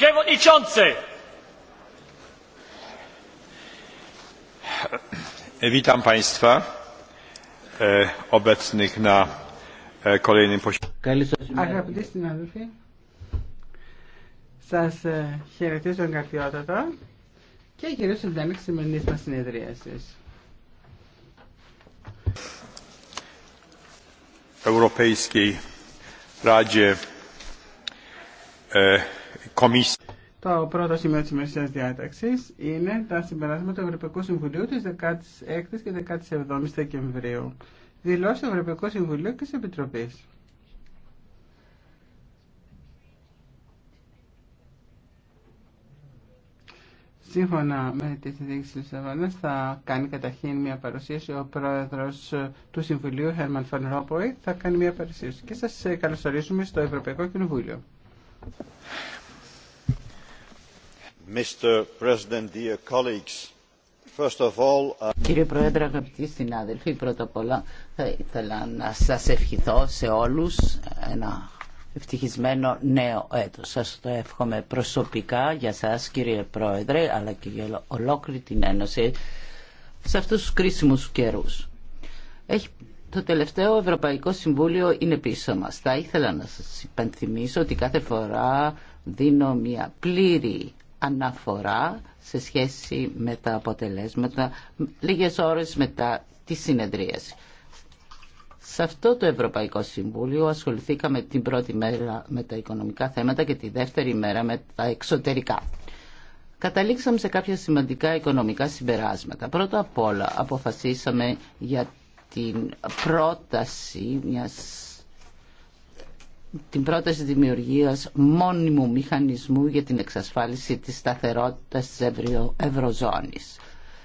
Przewodniczący! Witam Państwa e, obecnych na e, kolejnym posiedzeniu. σας ε, χαιρετίζω καρδιότατα και κυρίως στην τέμη της σημερινής μας συνεδρίασης. Ευρωπαϊκή Ράτζε ε, το πρώτο σημείο της ημερησίας διάταξης είναι τα συμπεράσματα του Ευρωπαϊκού Συμβουλίου της 16ης και 17ης Δεκεμβρίου. Δηλώσει του Ευρωπαϊκού Συμβουλίου και της Επιτροπής. Σύμφωνα με τις συνδίκηση της Λισαβόνας θα κάνει καταρχήν μια παρουσίαση ο πρόεδρος του Συμβουλίου, Herman van Rompuy, θα κάνει μια παρουσίαση και σας καλωσορίζουμε στο Ευρωπαϊκό Κοινοβούλιο. Uh, κύριε Πρόεδρε, αγαπητοί συνάδελφοι, πρώτα απ' όλα θα ήθελα να σας ευχηθώ σε όλους ένα ευτυχισμένο νέο έτος. Σας το εύχομαι προσωπικά για σας κύριε Πρόεδρε, αλλά και για ολόκληρη την Ένωση σε αυτούς τους κρίσιμους καιρούς. το τελευταίο Ευρωπαϊκό Συμβούλιο είναι πίσω μας. Θα ήθελα να σας υπενθυμίσω ότι κάθε φορά δίνω μια πλήρη αναφορά σε σχέση με τα αποτελέσματα λίγες ώρες μετά τη συνεδρίαση. Σε αυτό το Ευρωπαϊκό Συμβούλιο ασχοληθήκαμε την πρώτη μέρα με τα οικονομικά θέματα και τη δεύτερη μέρα με τα εξωτερικά. Καταλήξαμε σε κάποια σημαντικά οικονομικά συμπεράσματα. Πρώτα απ' όλα αποφασίσαμε για την πρόταση μιας την πρόταση δημιουργίας μόνιμου μηχανισμού για την εξασφάλιση της σταθερότητας της Ευρωζώνης.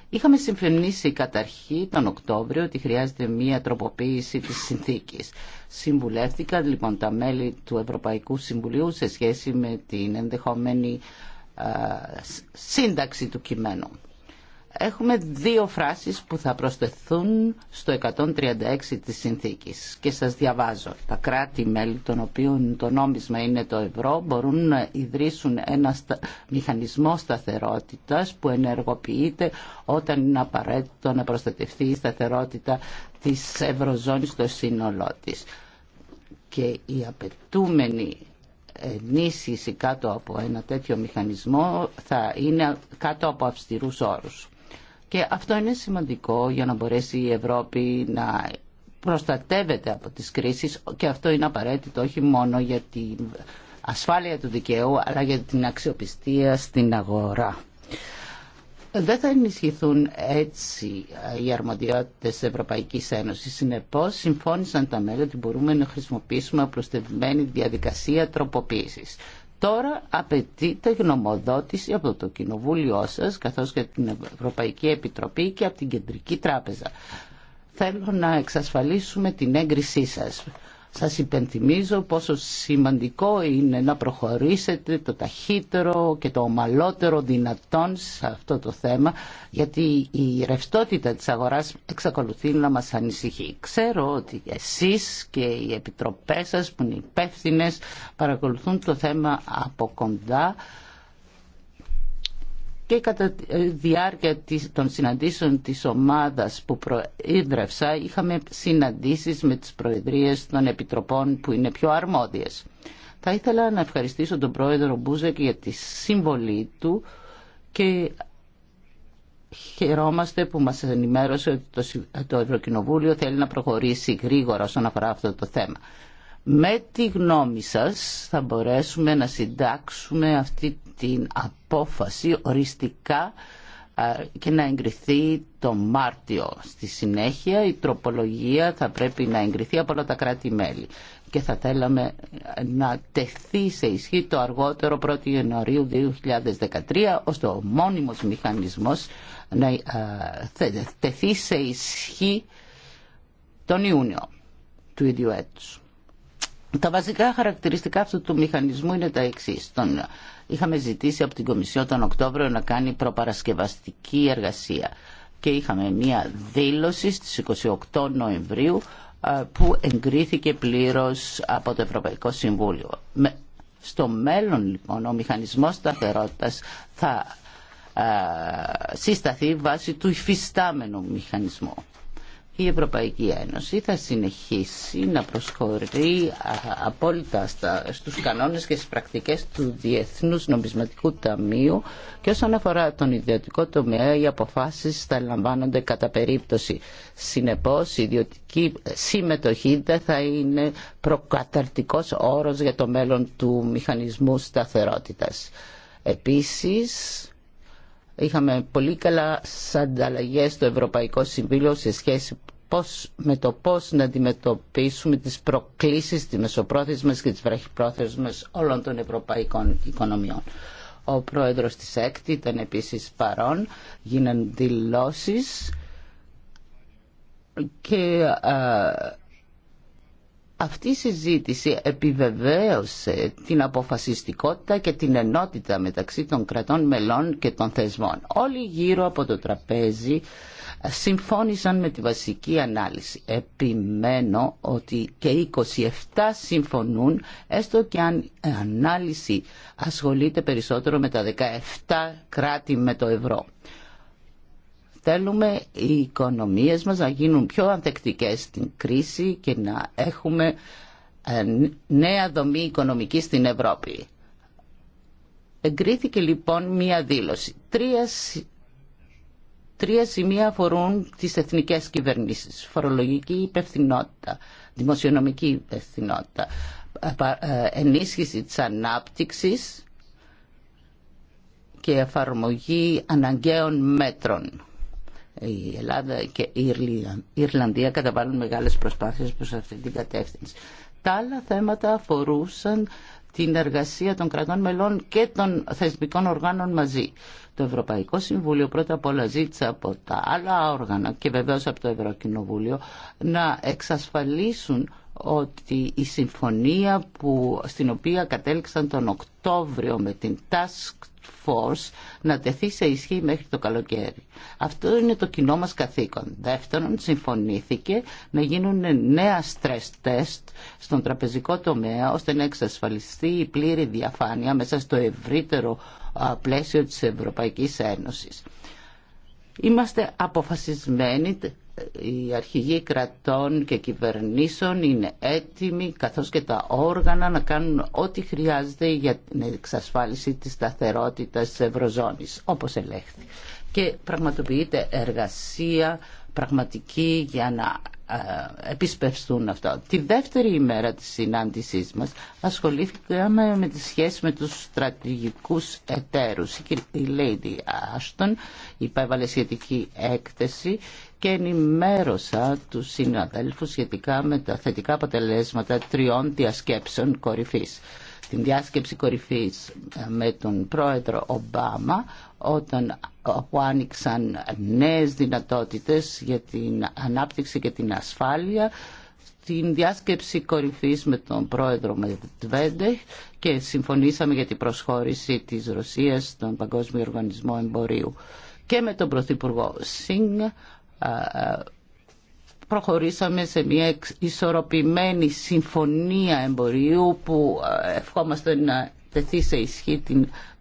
Είχαμε συμφωνήσει καταρχή τον Οκτώβριο ότι χρειάζεται μία τροποποίηση της συνθήκης. Συμβουλεύτηκαν λοιπόν τα μέλη του Ευρωπαϊκού Συμβουλίου σε σχέση με την ενδεχομένη σύνταξη του κειμένου έχουμε δύο φράσεις που θα προσθεθούν στο 136 της συνθήκης και σας διαβάζω. Τα κράτη-μέλη των οποίων το νόμισμα είναι το ευρώ μπορούν να ιδρύσουν ένα μηχανισμό σταθερότητας που ενεργοποιείται όταν είναι απαραίτητο να προστατευτεί η σταθερότητα της ευρωζώνης στο σύνολό της. Και η απαιτούμενη ενίσχυση κάτω από ένα τέτοιο μηχανισμό θα είναι κάτω από αυστηρούς όρους. Και αυτό είναι σημαντικό για να μπορέσει η Ευρώπη να προστατεύεται από τις κρίσεις και αυτό είναι απαραίτητο όχι μόνο για την ασφάλεια του δικαίου αλλά για την αξιοπιστία στην αγορά. Δεν θα ενισχυθούν έτσι οι αρμοδιότητες της Ευρωπαϊκής Ένωσης. Συνεπώς, συμφώνησαν τα μέλη ότι μπορούμε να χρησιμοποιήσουμε απλουστευμένη διαδικασία τροποποίησης. Τώρα απαιτείται γνωμοδότηση από το Κοινοβούλιο σας καθώς και την Ευρωπαϊκή Επιτροπή και από την Κεντρική Τράπεζα. Θέλω να εξασφαλίσουμε την έγκρισή σας. Σας υπενθυμίζω πόσο σημαντικό είναι να προχωρήσετε το ταχύτερο και το ομαλότερο δυνατόν σε αυτό το θέμα, γιατί η ρευστότητα της αγοράς εξακολουθεί να μας ανησυχεί. Ξέρω ότι εσείς και οι επιτροπές σας που είναι υπεύθυνε παρακολουθούν το θέμα από κοντά και κατά τη ε, διάρκεια των συναντήσεων της ομάδας που προείδρευσα είχαμε συναντήσεις με τις προεδρίες των επιτροπών που είναι πιο αρμόδιες. Θα ήθελα να ευχαριστήσω τον πρόεδρο Μπούζεκ για τη συμβολή του και χαιρόμαστε που μας ενημέρωσε ότι το Ευρωκοινοβούλιο θέλει να προχωρήσει γρήγορα όσον αφορά αυτό το θέμα. Με τη γνώμη σας θα μπορέσουμε να συντάξουμε αυτή την απόφαση οριστικά και να εγκριθεί το Μάρτιο. Στη συνέχεια η τροπολογία θα πρέπει να εγκριθεί από όλα τα κράτη-μέλη και θα θέλαμε να τεθεί σε ισχύ το αργότερο 1η Ιανουαρίου 2013 ώστε ο μόνιμος μηχανισμός να τεθεί σε ισχύ τον Ιούνιο του ίδιου έτους. Τα βασικά χαρακτηριστικά αυτού του μηχανισμού είναι τα εξή. Τον... Είχαμε ζητήσει από την Κομισιό τον Οκτώβριο να κάνει προπαρασκευαστική εργασία και είχαμε μία δήλωση στις 28 Νοεμβρίου που εγκρίθηκε πλήρως από το Ευρωπαϊκό Συμβούλιο. Στο μέλλον λοιπόν ο μηχανισμός σταθερότητας θα συσταθεί βάσει του υφιστάμενου μηχανισμού η Ευρωπαϊκή Ένωση θα συνεχίσει να προσχωρεί απόλυτα στα, στους κανόνες και στις πρακτικές του Διεθνούς Νομισματικού Ταμείου και όσον αφορά τον ιδιωτικό τομέα οι αποφάσεις θα λαμβάνονται κατά περίπτωση. Συνεπώς η ιδιωτική συμμετοχή δεν θα είναι προκαταρτικός όρος για το μέλλον του μηχανισμού σταθερότητας. Επίσης, Είχαμε πολύ καλά ανταλλαγέ στο Ευρωπαϊκό Συμβούλιο σε σχέση πώς, με το πώς να αντιμετωπίσουμε τις προκλήσεις, της μεσοπρόθεσμες και της βραχυπρόθεσμας όλων των ευρωπαϊκών οικονομιών. Ο πρόεδρος της ΕΚΤ ήταν επίσης παρόν, γίναν δηλώσεις και αυτή η συζήτηση επιβεβαίωσε την αποφασιστικότητα και την ενότητα μεταξύ των κρατών μελών και των θεσμών. Όλοι γύρω από το τραπέζι ε, συμφώνησαν με τη βασική ανάλυση. Επιμένω ότι και 27 συμφωνούν, έστω και αν η ανάλυση ασχολείται περισσότερο με τα 17 κράτη με το ευρώ θέλουμε οι οικονομίες μας να γίνουν πιο ανθεκτικές στην κρίση και να έχουμε ε, νέα δομή οικονομική στην Ευρώπη. Εγκρίθηκε λοιπόν μία δήλωση. Τρία, σημεία αφορούν τις εθνικές κυβερνήσεις. Φορολογική υπευθυνότητα, δημοσιονομική υπευθυνότητα, ε, ε, ενίσχυση της ανάπτυξης και εφαρμογή αναγκαίων μέτρων η Ελλάδα και η Ιρλανδία καταβάλουν μεγάλες προσπάθειες προς αυτή την κατεύθυνση. Τα άλλα θέματα αφορούσαν την εργασία των κρατών μελών και των θεσμικών οργάνων μαζί. Το Ευρωπαϊκό Συμβούλιο πρώτα απ' όλα ζήτησε από τα άλλα όργανα και βεβαίως από το Ευρωκοινοβούλιο να εξασφαλίσουν ότι η συμφωνία που, στην οποία κατέληξαν τον Οκτώβριο με την Task Force να τεθεί σε ισχύ μέχρι το καλοκαίρι. Αυτό είναι το κοινό μας καθήκον. Δεύτερον, συμφωνήθηκε να γίνουν νέα stress test στον τραπεζικό τομέα ώστε να εξασφαλιστεί η πλήρη διαφάνεια μέσα στο ευρύτερο πλαίσιο της Ευρωπαϊκής Ένωσης. Είμαστε αποφασισμένοι οι αρχηγοί κρατών και κυβερνήσεων είναι έτοιμοι καθώς και τα όργανα να κάνουν ό,τι χρειάζεται για την εξασφάλιση της σταθερότητας της Ευρωζώνης, όπως ελέγχθη. Και πραγματοποιείται εργασία πραγματική για να ε, επισπευστούν αυτά. Τη δεύτερη ημέρα της συνάντησής μας ασχολήθηκαμε με τη σχέση με τους στρατηγικούς εταίρους. Η Lady Άστον υπέβαλε σχετική έκθεση και ενημέρωσα τους συναδέλφους σχετικά με τα θετικά αποτελέσματα τριών διασκέψεων κορυφής την διάσκεψη κορυφής ε, με τον πρόεδρο Ομπάμα όταν οπου άνοιξαν νέες δυνατότητες για την ανάπτυξη και την ασφάλεια στην διάσκεψη κορυφής με τον πρόεδρο Μετβέντε και συμφωνήσαμε για την προσχώρηση της Ρωσίας στον Παγκόσμιο Οργανισμό Εμπορίου και με τον Πρωθυπουργό Σινγκ ε, ε, προχωρήσαμε σε μια ισορροπημένη συμφωνία εμπορίου που ε, ευχόμαστε να τεθεί σε ισχύ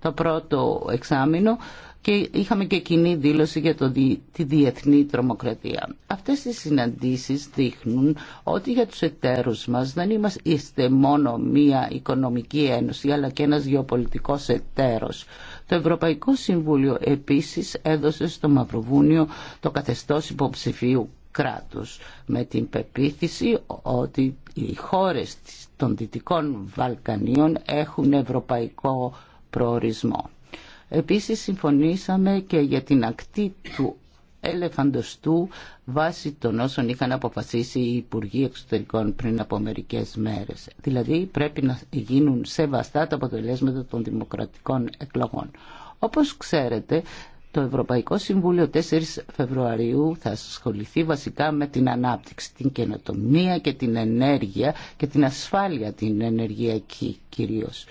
το πρώτο εξάμεινο και είχαμε και κοινή δήλωση για το, τη διεθνή τρομοκρατία. Αυτές οι συναντήσεις δείχνουν ότι για τους εταίρους μας δεν είμαστε μόνο μία οικονομική ένωση αλλά και ένας γεωπολιτικός εταίρος. Το Ευρωπαϊκό Συμβούλιο επίσης έδωσε στο Μαυροβούνιο το καθεστώς υποψηφίου κράτους με την πεποίθηση ότι οι χώρες των Δυτικών Βαλκανίων έχουν ευρωπαϊκό προορισμό. Επίσης συμφωνήσαμε και για την ακτή του ελεφαντοστού βάσει των όσων είχαν αποφασίσει οι Υπουργοί Εξωτερικών πριν από μερικές μέρες. Δηλαδή πρέπει να γίνουν σεβαστά τα αποτελέσματα των δημοκρατικών εκλογών. Όπως ξέρετε, το Ευρωπαϊκό Συμβούλιο 4 Φεβρουαρίου θα ασχοληθεί βασικά με την ανάπτυξη, την καινοτομία και την ενέργεια και την ασφάλεια την ενεργειακή κυρίως.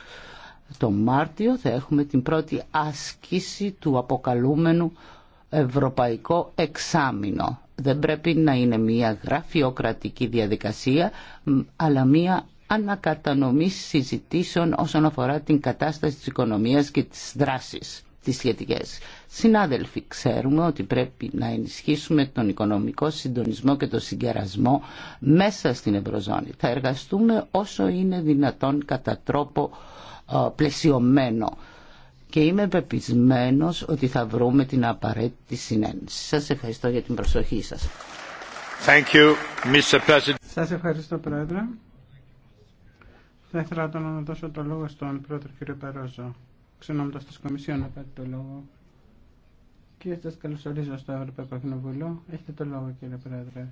Το Μάρτιο θα έχουμε την πρώτη άσκηση του αποκαλούμενου Ευρωπαϊκό Εξάμεινο. Δεν πρέπει να είναι μια γραφειοκρατική διαδικασία, αλλά μια ανακατανομή συζητήσεων όσον αφορά την κατάσταση της οικονομίας και της δράσης τις σχετικές. Συνάδελφοι, ξέρουμε ότι πρέπει να ενισχύσουμε τον οικονομικό συντονισμό και τον συγκερασμό μέσα στην Ευρωζώνη. Θα εργαστούμε όσο είναι δυνατόν κατά τρόπο πλαισιωμένο και είμαι πεπισμένος ότι θα βρούμε την απαραίτητη συνένεση. Σας ευχαριστώ για την προσοχή σας. Thank Σας ευχαριστώ Πρόεδρε. Θα ήθελα να δώσω το λόγο στον Πρόεδρο ξενόματος της Κομισιόν να πάρει το λόγο. Κύριε σας καλωσορίζω στο Ευρωπαϊκό Κοινοβουλίο. Έχετε το λόγο κύριε Πρόεδρε.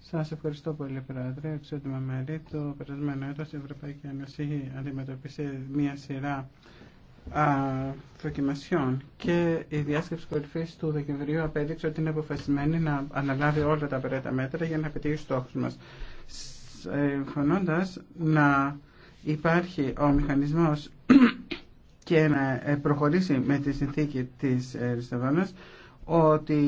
Σας ευχαριστώ πολύ Πρόεδρε. Εξότιμα μέλη, το περασμένο έτος η Ευρωπαϊκή Ένωση αντιμετωπίσε μία σειρά α, δοκιμασιών και η διάσκεψη κορυφή του Δεκεμβρίου απέδειξε ότι είναι αποφασισμένη να αναλάβει όλα τα απαραίτητα μέτρα για να πετύχει στόχου μα. Συμφωνώντα ε, να υπάρχει ο μηχανισμός και να ε, προχωρήσει με τη συνθήκη της Ρισταβάνας ε, ότι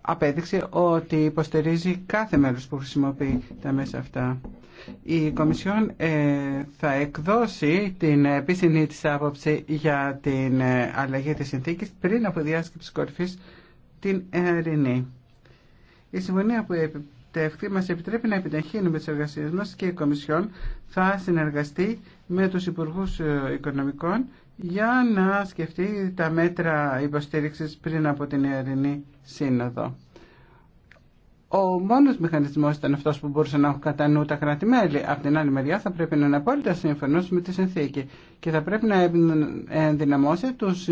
απέδειξε ότι υποστηρίζει κάθε μέρος που χρησιμοποιεί τα μέσα αυτά. Η Κομισιόν ε, θα εκδώσει την επίσημη της άποψη για την αλλαγή της συνθήκης πριν από διάσκεψη κορυφής την Ερηνή. Η συμφωνία που επιτεύχθη μας επιτρέπει να επιταχύνουμε τις εργασίες μας και η Κομισιόν θα συνεργαστεί με τους Υπουργούς ε, Οικονομικών για να σκεφτεί τα μέτρα υποστήριξης πριν από την Ιερινή Σύνοδο. Ο μόνος μηχανισμός ήταν αυτός που μπορούσε να έχουν κατά νου τα κράτη-μέλη. Απ' την άλλη μεριά θα πρέπει να είναι απόλυτα σύμφωνος με τη συνθήκη και θα πρέπει να ενδυναμώσει τους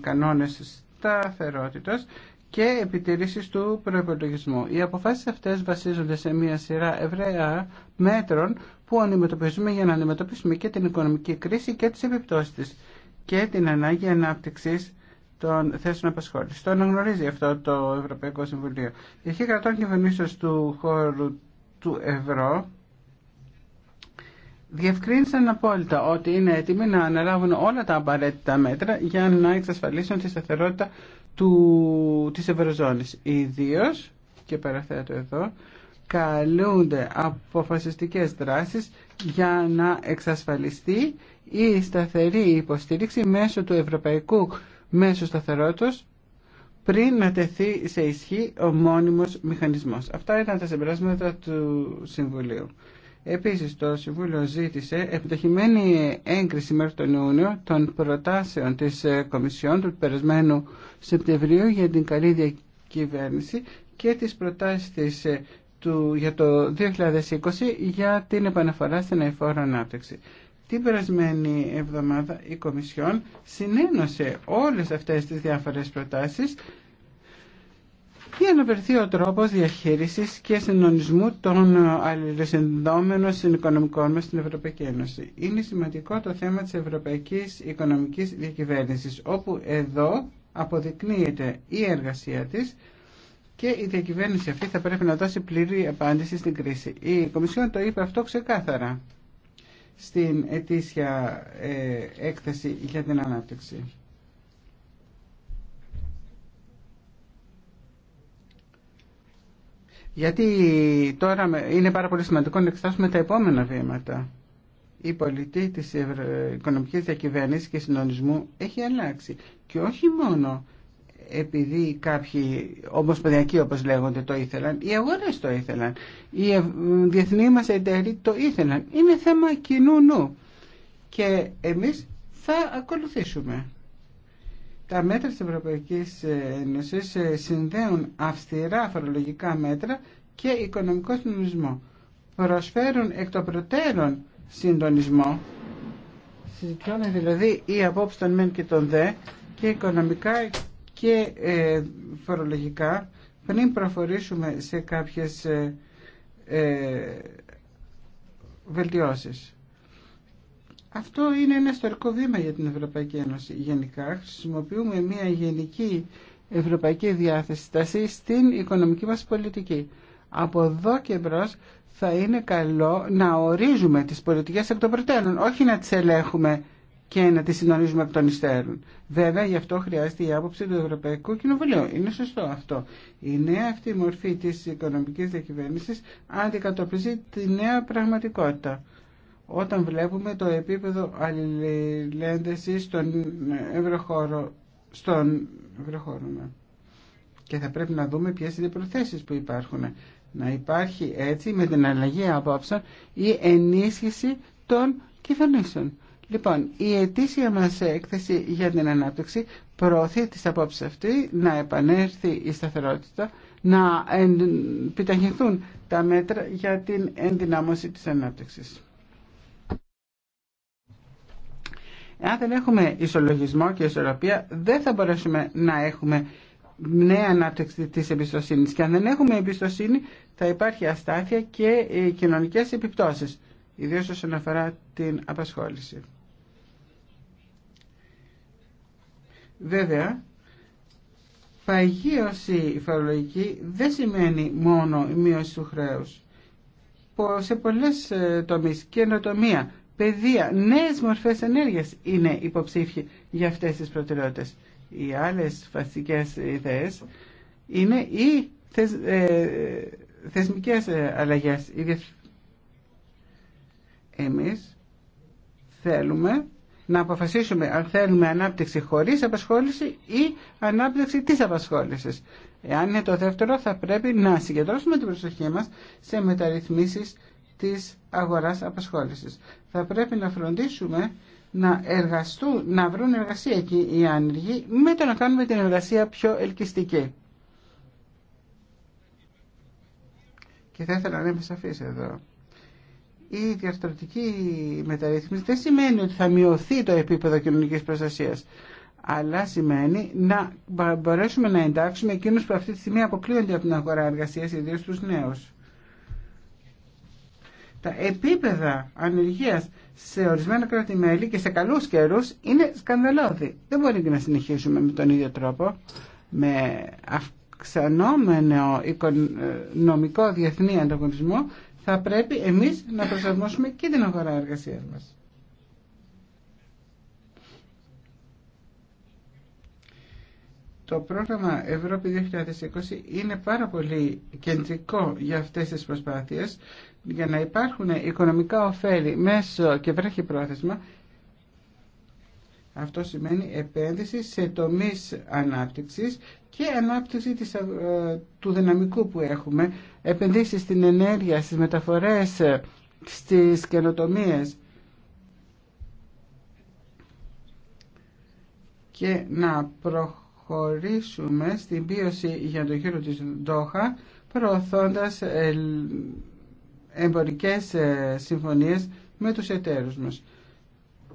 κανόνες σταθερότητας και επιτηρήσεις του προϋπολογισμού. Οι αποφάσεις αυτές βασίζονται σε μια σειρά ευρέα μέτρων που αντιμετωπίζουμε για να αντιμετωπίσουμε και την οικονομική κρίση και τις επιπτώσεις της και την ανάγκη ανάπτυξης των θέσεων απασχόληση. Το αναγνωρίζει αυτό το Ευρωπαϊκό Συμβουλίο. Η αρχή κρατών κυβερνήσεω του χώρου του ευρώ διευκρίνησαν απόλυτα ότι είναι έτοιμοι να αναλάβουν όλα τα απαραίτητα μέτρα για να εξασφαλίσουν τη σταθερότητα του, της Ευρωζώνης. Ιδίω και παραθέτω εδώ, καλούνται αποφασιστικές δράσεις για να εξασφαλιστεί η σταθερή υποστήριξη μέσω του Ευρωπαϊκού Μέσου Σταθερότητος πριν να τεθεί σε ισχύ ο μόνιμος μηχανισμός. Αυτά ήταν τα συμπεράσματα του Συμβουλίου. Επίσης το Συμβούλιο ζήτησε επιτυχημένη έγκριση μέχρι τον Ιούνιο των προτάσεων της ε, Κομισιόν του περασμένου Σεπτεμβρίου για την καλή διακυβέρνηση και τις προτάσεις ε, του, για το 2020 για την επαναφορά στην αηφόρο ανάπτυξη. Την περασμένη εβδομάδα η Κομισιόν συνένωσε όλες αυτές τις διάφορες προτάσεις για να βρεθεί ο τρόπος διαχείρισης και συντονισμού των αλληλεσυνδόμενων συνοικονομικών μα στην Ευρωπαϊκή Ένωση. Είναι σημαντικό το θέμα της Ευρωπαϊκής Οικονομικής Διακυβέρνησης, όπου εδώ αποδεικνύεται η εργασία της και η διακυβέρνηση αυτή θα πρέπει να δώσει πλήρη απάντηση στην κρίση. Η Κομισιόν το είπε αυτό ξεκάθαρα στην ετήσια ε, έκθεση για την ανάπτυξη. Γιατί τώρα είναι πάρα πολύ σημαντικό να εξετάσουμε τα επόμενα βήματα. Η πολιτική της οικονομική διακυβέρνηση και συντονισμού έχει αλλάξει. Και όχι μόνο επειδή κάποιοι ομοσπονδιακοί όπως λέγονται το ήθελαν, οι αγορές το ήθελαν, οι διεθνή μας εταιροί το ήθελαν. Είναι θέμα κοινού νου. Και εμείς θα ακολουθήσουμε. Τα μέτρα της Ευρωπαϊκής Ένωσης ε, συνδέουν αυστηρά φορολογικά μέτρα και οικονομικό συντονισμό. Προσφέρουν εκ των προτέρων συντονισμό, συζητώνε δηλαδή η απόψη των μεν και των δε και οικονομικά και ε, φορολογικά πριν προφορήσουμε σε κάποιες ε, βελτιώσεις. Αυτό είναι ένα ιστορικό βήμα για την Ευρωπαϊκή Ένωση. Γενικά χρησιμοποιούμε μια γενική ευρωπαϊκή διάθεση στην οικονομική μας πολιτική. Από εδώ και μπρος θα είναι καλό να ορίζουμε τις πολιτικές από τον προτέρων, όχι να τις ελέγχουμε και να τις συνορίζουμε από τον υστέρων. Βέβαια, γι' αυτό χρειάζεται η άποψη του Ευρωπαϊκού Κοινοβουλίου. Είναι σωστό αυτό. Η νέα αυτή μορφή της οικονομικής διακυβέρνησης αντικατοπίζει τη νέα πραγματικότητα όταν βλέπουμε το επίπεδο αλληλένδεσης στον ευρωχώρο, στον ναι. Και θα πρέπει να δούμε ποιες είναι οι προθέσεις που υπάρχουν. Να υπάρχει έτσι με την αλλαγή απόψεων η ενίσχυση των κυβερνήσεων. Λοιπόν, η ετήσια μας έκθεση για την ανάπτυξη προωθεί τις απόψεις αυτή να επανέλθει η σταθερότητα, να επιταχυνθούν τα μέτρα για την ενδυνάμωση της ανάπτυξης. Εάν δεν έχουμε ισολογισμό και ισορροπία, δεν θα μπορέσουμε να έχουμε νέα ανάπτυξη τη εμπιστοσύνη. Και αν δεν έχουμε εμπιστοσύνη, θα υπάρχει αστάθεια και ε, κοινωνικές επιπτώσεις, Ιδίω όσον αφορά την απασχόληση. Βέβαια, παγίωση φορολογική δεν σημαίνει μόνο η μείωση του χρέους. Σε πολλές ε, τομείς, καινοτομία, παιδεία, νέες μορφές ενέργειας είναι υποψήφιοι για αυτές τις προτεραιότητες. Οι άλλες φασικές ιδέες είναι οι θεσ, ε, θεσμικές ε, αλλαγές. Εμείς θέλουμε να αποφασίσουμε αν θέλουμε ανάπτυξη χωρίς απασχόληση ή ανάπτυξη της απασχόλησης. Εάν είναι το δεύτερο θα πρέπει να συγκεντρώσουμε την προσοχή μας σε μεταρρυθμίσεις της αγοράς απασχόλησης. Θα πρέπει να φροντίσουμε να εργαστούν, να βρουν εργασία εκεί οι άνεργοι με το να κάνουμε την εργασία πιο ελκυστική. Και θα ήθελα να είμαι σαφής εδώ. Η διαρθρωτική μεταρρύθμιση δεν σημαίνει ότι θα μειωθεί το επίπεδο κοινωνικής προστασίας αλλά σημαίνει να μπορέσουμε να εντάξουμε εκείνους που αυτή τη στιγμή αποκλείονται από την αγορά εργασίας, ιδίως τους νέους. Τα επίπεδα ανεργίας σε ορισμένα κράτη-μέλη και σε καλούς καιρούς είναι σκανδαλώδη. Δεν μπορεί και να συνεχίσουμε με τον ίδιο τρόπο, με αυξανόμενο οικονομικό διεθνή ανταγωνισμό, θα πρέπει εμείς να προσαρμόσουμε και την αγορά εργασίας μας. Το πρόγραμμα Ευρώπη 2020 είναι πάρα πολύ κεντρικό για αυτές τις προσπάθειες για να υπάρχουν οικονομικά ωφέλη μέσω και βρέχει πρόθεσμα. Αυτό σημαίνει επένδυση σε τομείς ανάπτυξης και ανάπτυξη ε, του δυναμικού που έχουμε, επενδύσεις στην ενέργεια, στις μεταφορές, στις καινοτομίες. και να προχωρήσουμε προχωρήσουμε στην πίωση για το γύρο της Ντόχα προωθώντας ε, εμπορικές ε, συμφωνίες με τους εταίρους μας.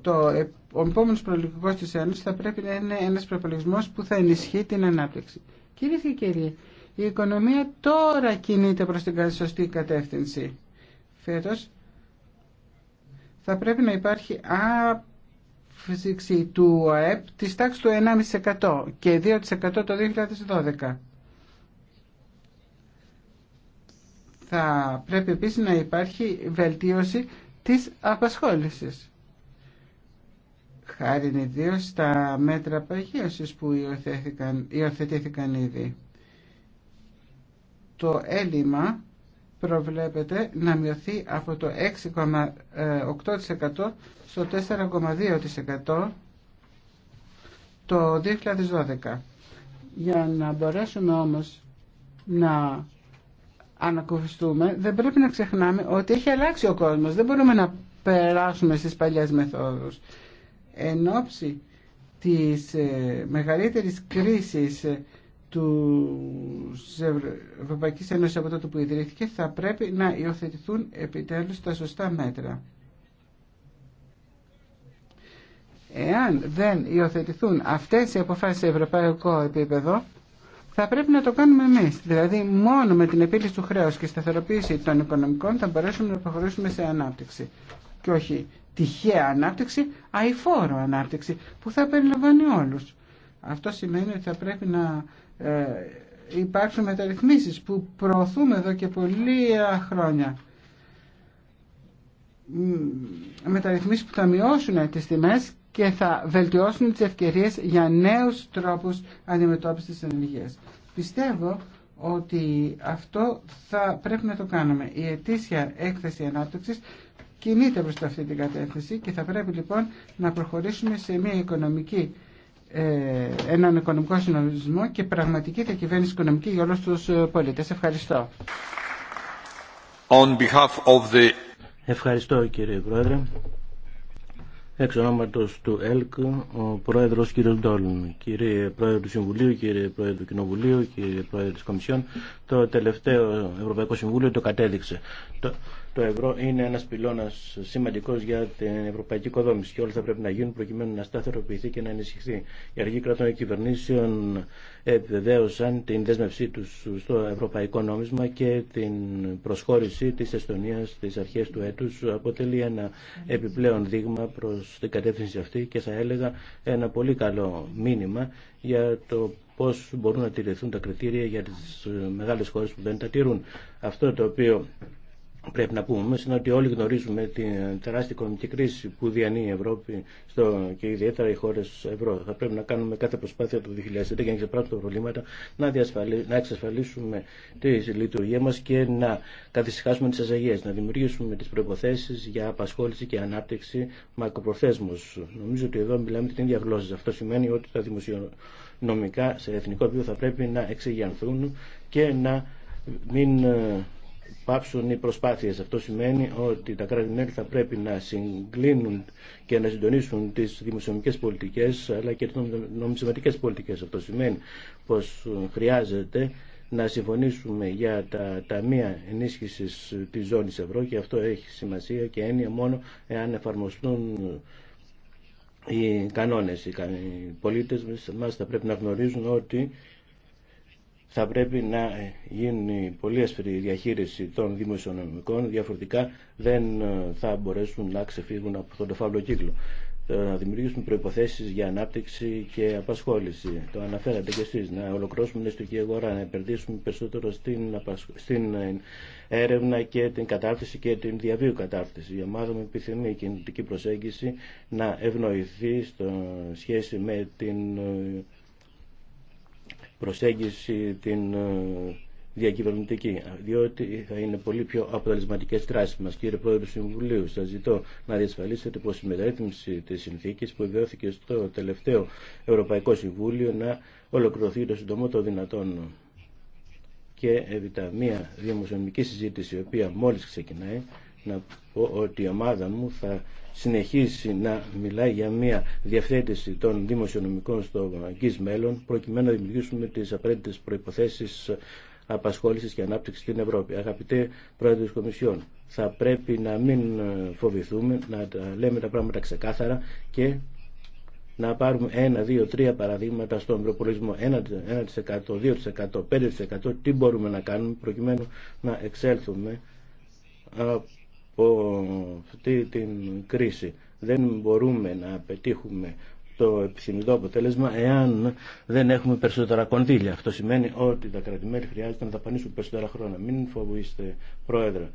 Το, ε, ο επόμενο προλογικό τη Ένωση θα πρέπει να είναι ένα προπολογισμό που θα ενισχύει την ανάπτυξη. Κυρίε και κύριοι, η οικονομία τώρα κινείται προ την σωστή κατεύθυνση. Φέτος, θα πρέπει να υπάρχει αύξηση του ΟΕΠ της τάξης του 1,5% και 2% το 2012. Θα πρέπει επίσης να υπάρχει βελτίωση της απασχόλησης. Χάρη ιδίω στα μέτρα παγίωσης που υιοθετήθηκαν, υιοθετήθηκαν ήδη. Το έλλειμμα προβλέπεται να μειωθεί από το 6,8% στο 4,2% το 2012. Για να μπορέσουμε όμως να ανακουφιστούμε, δεν πρέπει να ξεχνάμε ότι έχει αλλάξει ο κόσμος. Δεν μπορούμε να περάσουμε στις παλιές μεθόδους. Εν ώψη της ε, μεγαλύτερης κρίσης ε, του Ευρωπαϊκής Ένωσης από τότε που ιδρύθηκε θα πρέπει να υιοθετηθούν επιτέλους τα σωστά μέτρα. Εάν δεν υιοθετηθούν αυτές οι αποφάσεις σε ευρωπαϊκό επίπεδο, θα πρέπει να το κάνουμε εμείς. Δηλαδή, μόνο με την επίλυση του χρέους και σταθεροποίηση των οικονομικών θα μπορέσουμε να προχωρήσουμε σε ανάπτυξη. Και όχι τυχαία ανάπτυξη, αηφόρο ανάπτυξη, που θα περιλαμβάνει όλους. Αυτό σημαίνει ότι θα πρέπει να ε, υπάρξουν μεταρρυθμίσεις που προωθούμε εδώ και πολλία χρόνια. Μεταρρυθμίσεις που θα μειώσουν τις τιμές και θα βελτιώσουν τις ευκαιρίες για νέους τρόπους αντιμετώπισης της ενεργείας. Πιστεύω ότι αυτό θα πρέπει να το κάνουμε. Η ετήσια έκθεση ανάπτυξης κινείται προς αυτή την κατεύθυνση και θα πρέπει λοιπόν να προχωρήσουμε σε μια οικονομική ε, έναν οικονομικό συνολισμό και πραγματική διακυβέρνηση οικονομική για όλους τους ε, πολίτες. Ευχαριστώ. On of the... Ευχαριστώ κύριε Πρόεδρε. Εξ ονόματος του ΕΛΚ, ο Πρόεδρος κ. Ντόλν. Κύριε Πρόεδρε του Συμβουλίου, κύριε Πρόεδρε του Κοινοβουλίου, κύριε Πρόεδρε της Κομισιόν, το τελευταίο Ευρωπαϊκό Συμβούλιο το κατέδειξε. Το το ευρώ είναι ένας πυλώνας σημαντικός για την ευρωπαϊκή οικοδόμηση και όλα θα πρέπει να γίνουν προκειμένου να σταθεροποιηθεί και να ενισχυθεί. Οι αργοί κρατών και κυβερνήσεων επιβεβαίωσαν την δέσμευσή τους στο ευρωπαϊκό νόμισμα και την προσχώρηση της Εστονίας στις αρχές του έτους αποτελεί ένα επιπλέον δείγμα προς την κατεύθυνση αυτή και θα έλεγα ένα πολύ καλό μήνυμα για το πώς μπορούν να τηρηθούν τα κριτήρια για τις μεγάλες χώρες που δεν τα τηρούν. Αυτό το οποίο πρέπει να πούμε όμως ότι όλοι γνωρίζουμε την τεράστια οικονομική κρίση που διανύει η Ευρώπη στο, και ιδιαίτερα οι χώρες ευρώ. Θα πρέπει να κάνουμε κάθε προσπάθεια το 2010 για να ξεπράξουμε προβλήματα, να, να εξασφαλίσουμε τη λειτουργία μας και να καθυσυχάσουμε τις αζαγίες, να δημιουργήσουμε τις προϋποθέσεις για απασχόληση και ανάπτυξη μακροπροθέσμους. Νομίζω ότι εδώ μιλάμε την ίδια γλώσσα. Αυτό σημαίνει ότι τα δημοσιονομικά σε εθνικό επίπεδο θα πρέπει να εξηγιανθούν και να μην ε, πάψουν οι προσπάθειες. Αυτό σημαίνει ότι τα κράτη-μέλη θα πρέπει να συγκλίνουν και να συντονίσουν τις δημοσιονομικές πολιτικές αλλά και τις νομισματικές πολιτικές. Αυτό σημαίνει πως χρειάζεται να συμφωνήσουμε για τα ταμεία ενίσχυσης της ζώνης ευρώ και αυτό έχει σημασία και έννοια μόνο εάν εφαρμοστούν οι κανόνες. Οι πολίτες μας θα πρέπει να γνωρίζουν ότι θα πρέπει να ε, γίνει πολύ ασφαιρή διαχείριση των δημοσιονομικών, διαφορετικά δεν ε, θα μπορέσουν να ξεφύγουν από τον τεφαύλο κύκλο. Να ε, δημιουργήσουμε προποθέσει για ανάπτυξη και απασχόληση. Το αναφέρατε και εσείς, να ολοκληρώσουμε την ιστορική αγορά, να επενδύσουμε περισσότερο στην, στην έρευνα και την κατάρτιση και την διαβίου κατάρτιση. Η ομάδα μου επιθυμεί η κινητική προσέγγιση να ευνοηθεί στο σχέση με την προσέγγιση την ε, διακυβερνητική, διότι θα είναι πολύ πιο αποτελεσματικέ τράσει μα. Κύριε Πρόεδρε του Συμβουλίου, σα ζητώ να διασφαλίσετε πω η μεταρρύθμιση τη συνθήκη που βιώθηκε στο τελευταίο Ευρωπαϊκό Συμβούλιο να ολοκληρωθεί το συντομότερο δυνατόν. Και έπειτα μια δημοσιονομική συζήτηση, η οποία μόλι ξεκινάει, να πω ότι η ομάδα μου θα συνεχίσει να μιλάει για μια διευθέτηση των δημοσιονομικών στο αγγείς μέλλον προκειμένου να δημιουργήσουμε τις απαραίτητες προϋποθέσεις απασχόλησης και ανάπτυξης στην Ευρώπη. Αγαπητέ Πρόεδρε της Κομισιόν, θα πρέπει να μην φοβηθούμε, να λέμε τα πράγματα ξεκάθαρα και να πάρουμε ένα, δύο, τρία παραδείγματα στον προπολογισμό 1%, 2%, 5% τι μπορούμε να κάνουμε προκειμένου να εξέλθουμε αυτή την κρίση. Δεν μπορούμε να πετύχουμε το επιθυμητό αποτέλεσμα εάν δεν έχουμε περισσότερα κονδύλια. Αυτό σημαίνει ότι τα κρατημέλη χρειάζεται να δαπανίσουν περισσότερα χρόνια. Μην φοβούστε, Πρόεδρε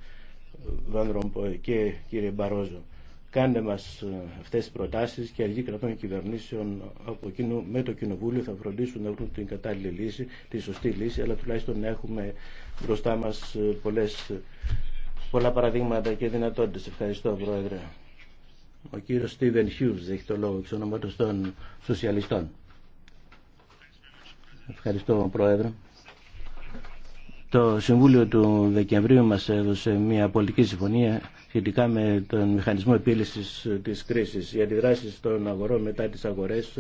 Βανδρόμπο και κύριε Μπαρόζο. Κάντε μας ε, αυτές τις προτάσεις και αργή κρατών κυβερνήσεων από κοινού, με το Κοινοβούλιο θα φροντίσουν να βρουν την κατάλληλη λύση, τη σωστή λύση, αλλά τουλάχιστον έχουμε μπροστά μα ε, πολλέ. Ε, πολλά παραδείγματα και δυνατότητες. Ευχαριστώ, Πρόεδρε. Ο κύριος Στίβεν Χιούς έχει το λόγο εξ ονόματος των σοσιαλιστών. Ευχαριστώ, Πρόεδρε. Το Συμβούλιο του Δεκεμβρίου μας έδωσε μια πολιτική συμφωνία σχετικά με τον μηχανισμό επίλυσης της κρίσης. Οι αντιδράσεις των αγορών μετά τις αγορές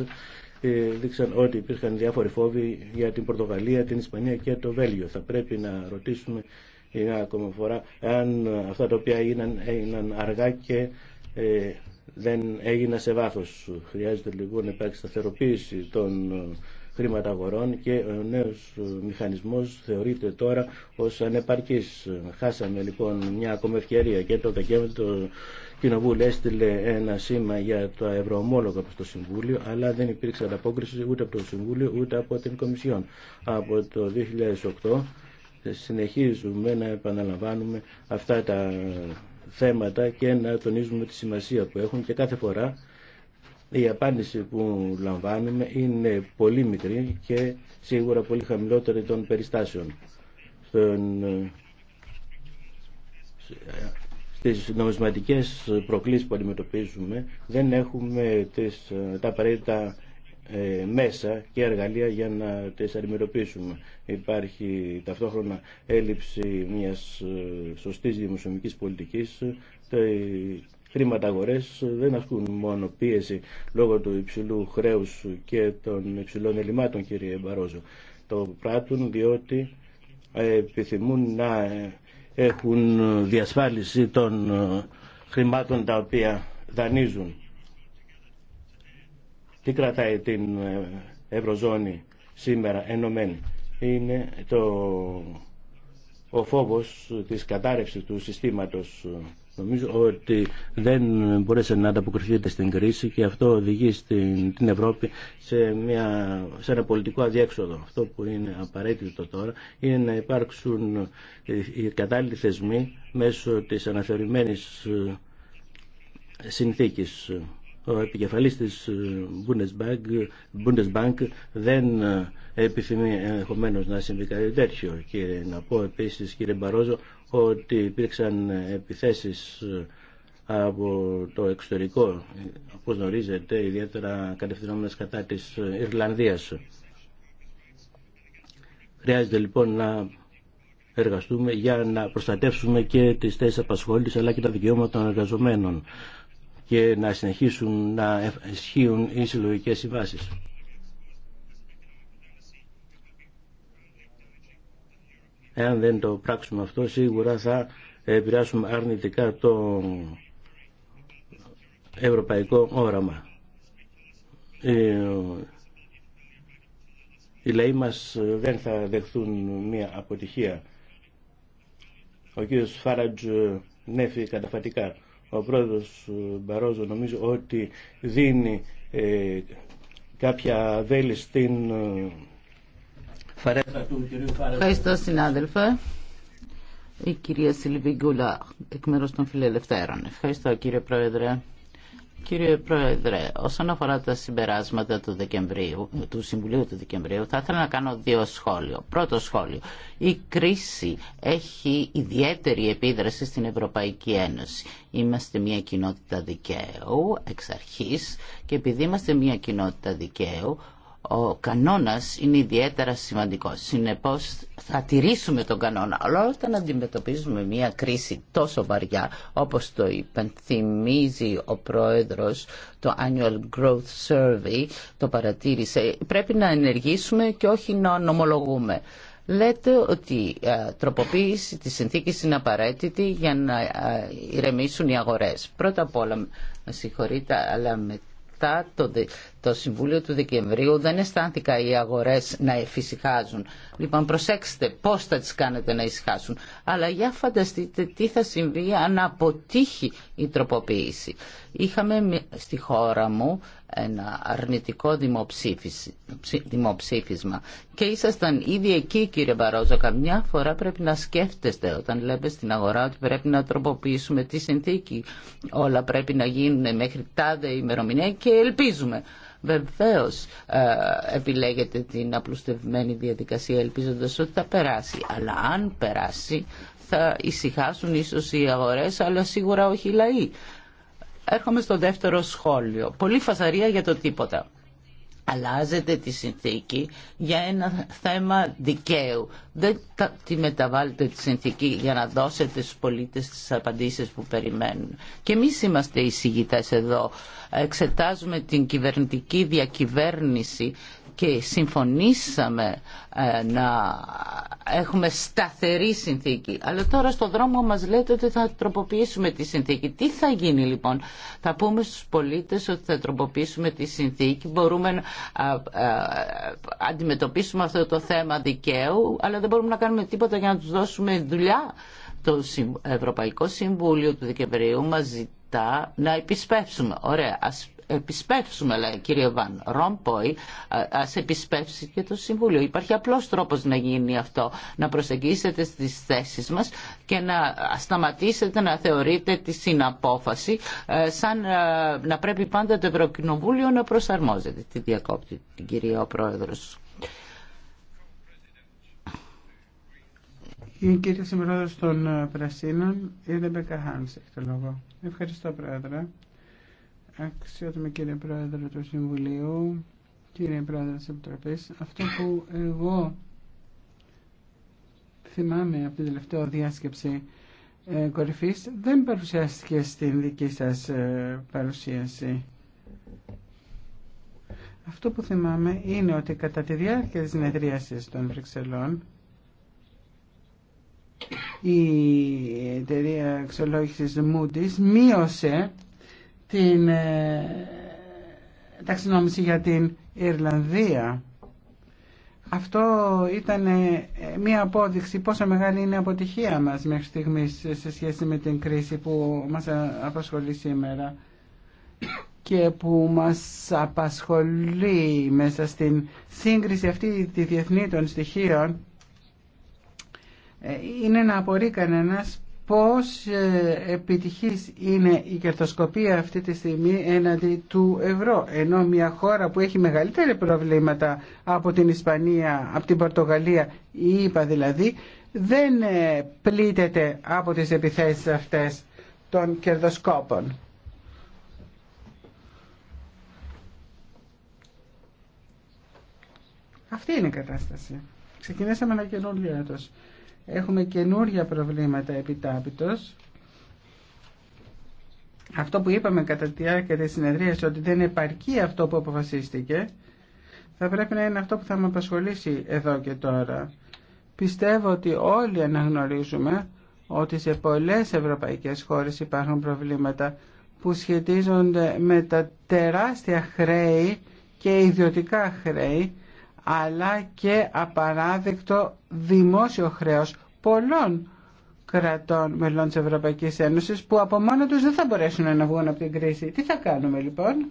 ε, δείξαν ότι υπήρχαν διάφοροι φόβοι για την Πορτογαλία, την Ισπανία και το Βέλγιο. Θα πρέπει να ρωτήσουμε για ακόμα φορά αν αυτά τα οποία έγιναν, έγιναν αργά και ε, δεν έγιναν σε βάθος. Χρειάζεται λοιπόν να υπάρξει σταθεροποίηση των ε, χρήματα και ο νέος ε, μηχανισμός θεωρείται τώρα ως ανεπαρκής. Χάσαμε λοιπόν μια ακόμα ευκαιρία και το Δεκέμβριο το Κοινοβούλιο έστειλε ένα σήμα για το ευρωομόλογο από το Συμβούλιο αλλά δεν υπήρξε ανταπόκριση ούτε από το Συμβούλιο ούτε από την Κομισιόν. Από το 2008 συνεχίζουμε να επαναλαμβάνουμε αυτά τα θέματα και να τονίζουμε τη σημασία που έχουν και κάθε φορά η απάντηση που λαμβάνουμε είναι πολύ μικρή και σίγουρα πολύ χαμηλότερη των περιστάσεων. Στον... Στις νομισματικές προκλήσεις που αντιμετωπίζουμε δεν έχουμε τις, τα απαραίτητα ε, μέσα και εργαλεία για να τις αντιμετωπίσουμε. Υπάρχει ταυτόχρονα έλλειψη μιας ε, σωστής δημοσιονομικής πολιτικής. Οι ε, αγορές δεν ασκούν μόνο πίεση λόγω του υψηλού χρέους και των υψηλών ελλημάτων, κύριε Μπαρόζο. Το πράττουν διότι επιθυμούν να έχουν διασφάλιση των χρημάτων τα οποία δανείζουν. Τι κρατάει την ε, Ευρωζώνη σήμερα ενωμένη. Είναι το, ο φόβος της κατάρρευσης του συστήματος. Νομίζω ότι δεν μπορέσε να ανταποκριθείτε στην κρίση και αυτό οδηγεί στην, την Ευρώπη σε, μια, σε ένα πολιτικό αδιέξοδο. Αυτό που είναι απαραίτητο τώρα είναι να υπάρξουν ε, οι κατάλληλοι θεσμοί μέσω της αναθεωρημένης ε, συνθήκης ο επικεφαλής της ε, Bundesbank, Bundesbank δεν ε, επιθυμεί ενδεχομένω να συμβεί κάτι τέτοιο και να πω επίσης κύριε Μπαρόζο ότι υπήρξαν επιθέσεις ε, από το εξωτερικό όπως γνωρίζετε ιδιαίτερα κατευθυνόμενες κατά της Ιρλανδίας χρειάζεται λοιπόν να εργαστούμε για να προστατεύσουμε και τις θέσεις απασχόλησης αλλά και τα δικαιώματα των εργαζομένων και να συνεχίσουν να ισχύουν οι συλλογικέ συμβάσει. Εάν δεν το πράξουμε αυτό, σίγουρα θα επηρεάσουμε αρνητικά το ευρωπαϊκό όραμα. Ε, οι λαοί μας δεν θα δεχθούν μια αποτυχία. Ο κ. Φάρατζ ε, νέφει καταφατικά. Ο πρόεδρος ε, Μπαρόζο νομίζω ότι δίνει ε, κάποια βέλη στην ε, φαρέτα του κυρίου Φαρέτα. Ευχαριστώ συνάδελφε. Η κυρία Σιλβίγκουλα εκ μέρους των Φιλελευθέρων. Ευχαριστώ κύριε Πρόεδρε. Κύριε Πρόεδρε, όσον αφορά τα συμπεράσματα του, Δεκεμβρίου, του Συμβουλίου του Δεκεμβρίου, θα ήθελα να κάνω δύο σχόλια. Πρώτο σχόλιο. Η κρίση έχει ιδιαίτερη επίδραση στην Ευρωπαϊκή Ένωση. Είμαστε μια κοινότητα δικαίου εξ αρχής και επειδή είμαστε μια κοινότητα δικαίου, ο κανόνας είναι ιδιαίτερα σημαντικός. Συνεπώς θα τηρήσουμε τον κανόνα. Αλλά όταν αντιμετωπίζουμε μια κρίση τόσο βαριά όπως το υπενθυμίζει ο πρόεδρος το Annual Growth Survey το παρατήρησε πρέπει να ενεργήσουμε και όχι να νομολογούμε. Λέτε ότι η ε, τροποποίηση της συνθήκης είναι απαραίτητη για να ε, ηρεμήσουν οι αγορές. Πρώτα απ' όλα, με συγχωρείτε, αλλά μετά το το Συμβούλιο του Δεκεμβρίου δεν αισθάνθηκα οι αγορές να εφησυχάζουν. Λοιπόν, προσέξτε πώ θα τι κάνετε να ησυχάσουν. Αλλά για φανταστείτε τι θα συμβεί αν αποτύχει η τροποποίηση. Είχαμε στη χώρα μου ένα αρνητικό δημοψήφισμα και ήσασταν ήδη εκεί κύριε Μπαρόζο. Καμιά φορά πρέπει να σκέφτεστε όταν λέμε στην αγορά ότι πρέπει να τροποποιήσουμε τη συνθήκη. Όλα πρέπει να γίνουν μέχρι τάδε ημερομηνία και ελπίζουμε. Βεβαίω ε, επιλέγετε την απλουστευμένη διαδικασία ελπίζοντα ότι θα περάσει. Αλλά αν περάσει θα ησυχάσουν ίσως οι αγορές αλλά σίγουρα όχι οι λαοί. Έρχομαι στο δεύτερο σχόλιο. Πολύ φασαρία για το τίποτα αλλάζετε τη συνθήκη για ένα θέμα δικαίου. Δεν τη μεταβάλλετε τη συνθήκη για να δώσετε στους πολίτες τις απαντήσεις που περιμένουν. Και εμεί είμαστε οι εδώ. Εξετάζουμε την κυβερνητική διακυβέρνηση και συμφωνήσαμε ε, να έχουμε σταθερή συνθήκη. Αλλά τώρα στο δρόμο μας λέτε ότι θα τροποποιήσουμε τη συνθήκη. Τι θα γίνει λοιπόν. Θα πούμε στους πολίτες ότι θα τροποποιήσουμε τη συνθήκη. Μπορούμε να αντιμετωπίσουμε αυτό το θέμα δικαίου, αλλά δεν μπορούμε να κάνουμε τίποτα για να τους δώσουμε δουλειά. Το Ευρωπαϊκό Συμβούλιο του Δεκεμβρίου μας ζητά να επισπεύσουμε. Ωραία, ας επισπεύσουμε, λέει κύριε Βαν Ρόμποϊ, ε, α επισπεύσει και το Συμβούλιο. Υπάρχει απλό τρόπο να γίνει αυτό. Να προσεγγίσετε στι θέσει μα και να σταματήσετε να θεωρείτε τη συναπόφαση ε, σαν ε, να πρέπει πάντα το Ευρωκοινοβούλιο να προσαρμόζεται. Τη διακόπτη την κυρία ο Πρόεδρος. Η κύριε Συμπρόεδρος των Πρασίνων, η Ρεμπέκα το Ευχαριστώ, Πρόεδρε. Αξιότιμη κύριε Πρόεδρε του Συμβουλίου, κύριε Πρόεδρε της Επιτροπής, αυτό που εγώ θυμάμαι από την τελευταία διάσκεψη ε, κορυφής δεν παρουσιάστηκε στην δική σας ε, παρουσίαση. Αυτό που θυμάμαι είναι ότι κατά τη διάρκεια της συνεδρίασης των Βρυξελών η εταιρεία εξολόγησης Moody's μείωσε την ε, ταξινόμηση για την Ιρλανδία. Αυτό ήταν ε, μία απόδειξη πόσο μεγάλη είναι η αποτυχία μας μέχρι στιγμής σε σχέση με την κρίση που μας απασχολεί σήμερα και που μας απασχολεί μέσα στην σύγκριση αυτή τη διεθνή των στοιχείων ε, είναι να απορεί κανένας πώς ε, επιτυχής είναι η κερδοσκοπία αυτή τη στιγμή έναντι του ευρώ ενώ μια χώρα που έχει μεγαλύτερα προβλήματα από την Ισπανία, από την Πορτογαλία ή είπα δηλαδή δεν ε, πλήττεται από τις επιθέσεις αυτές των κερδοσκόπων. Αυτή είναι η δηλαδη δεν πληττεται Ξεκινήσαμε ένα καινούριο έτος έχουμε καινούργια προβλήματα επιτάπητος. Αυτό που είπαμε κατά τη διάρκεια της συνεδρίας ότι δεν επαρκεί αυτό που αποφασίστηκε θα πρέπει να είναι αυτό που θα με απασχολήσει εδώ και τώρα. Πιστεύω ότι όλοι αναγνωρίζουμε ότι σε πολλές ευρωπαϊκές χώρες υπάρχουν προβλήματα που σχετίζονται με τα τεράστια χρέη και ιδιωτικά χρέη αλλά και απαράδεκτο δημόσιο χρέος πολλών κρατών μελών της Ευρωπαϊκής Ένωσης που από μόνο τους δεν θα μπορέσουν να βγουν από την κρίση. Τι θα κάνουμε λοιπόν.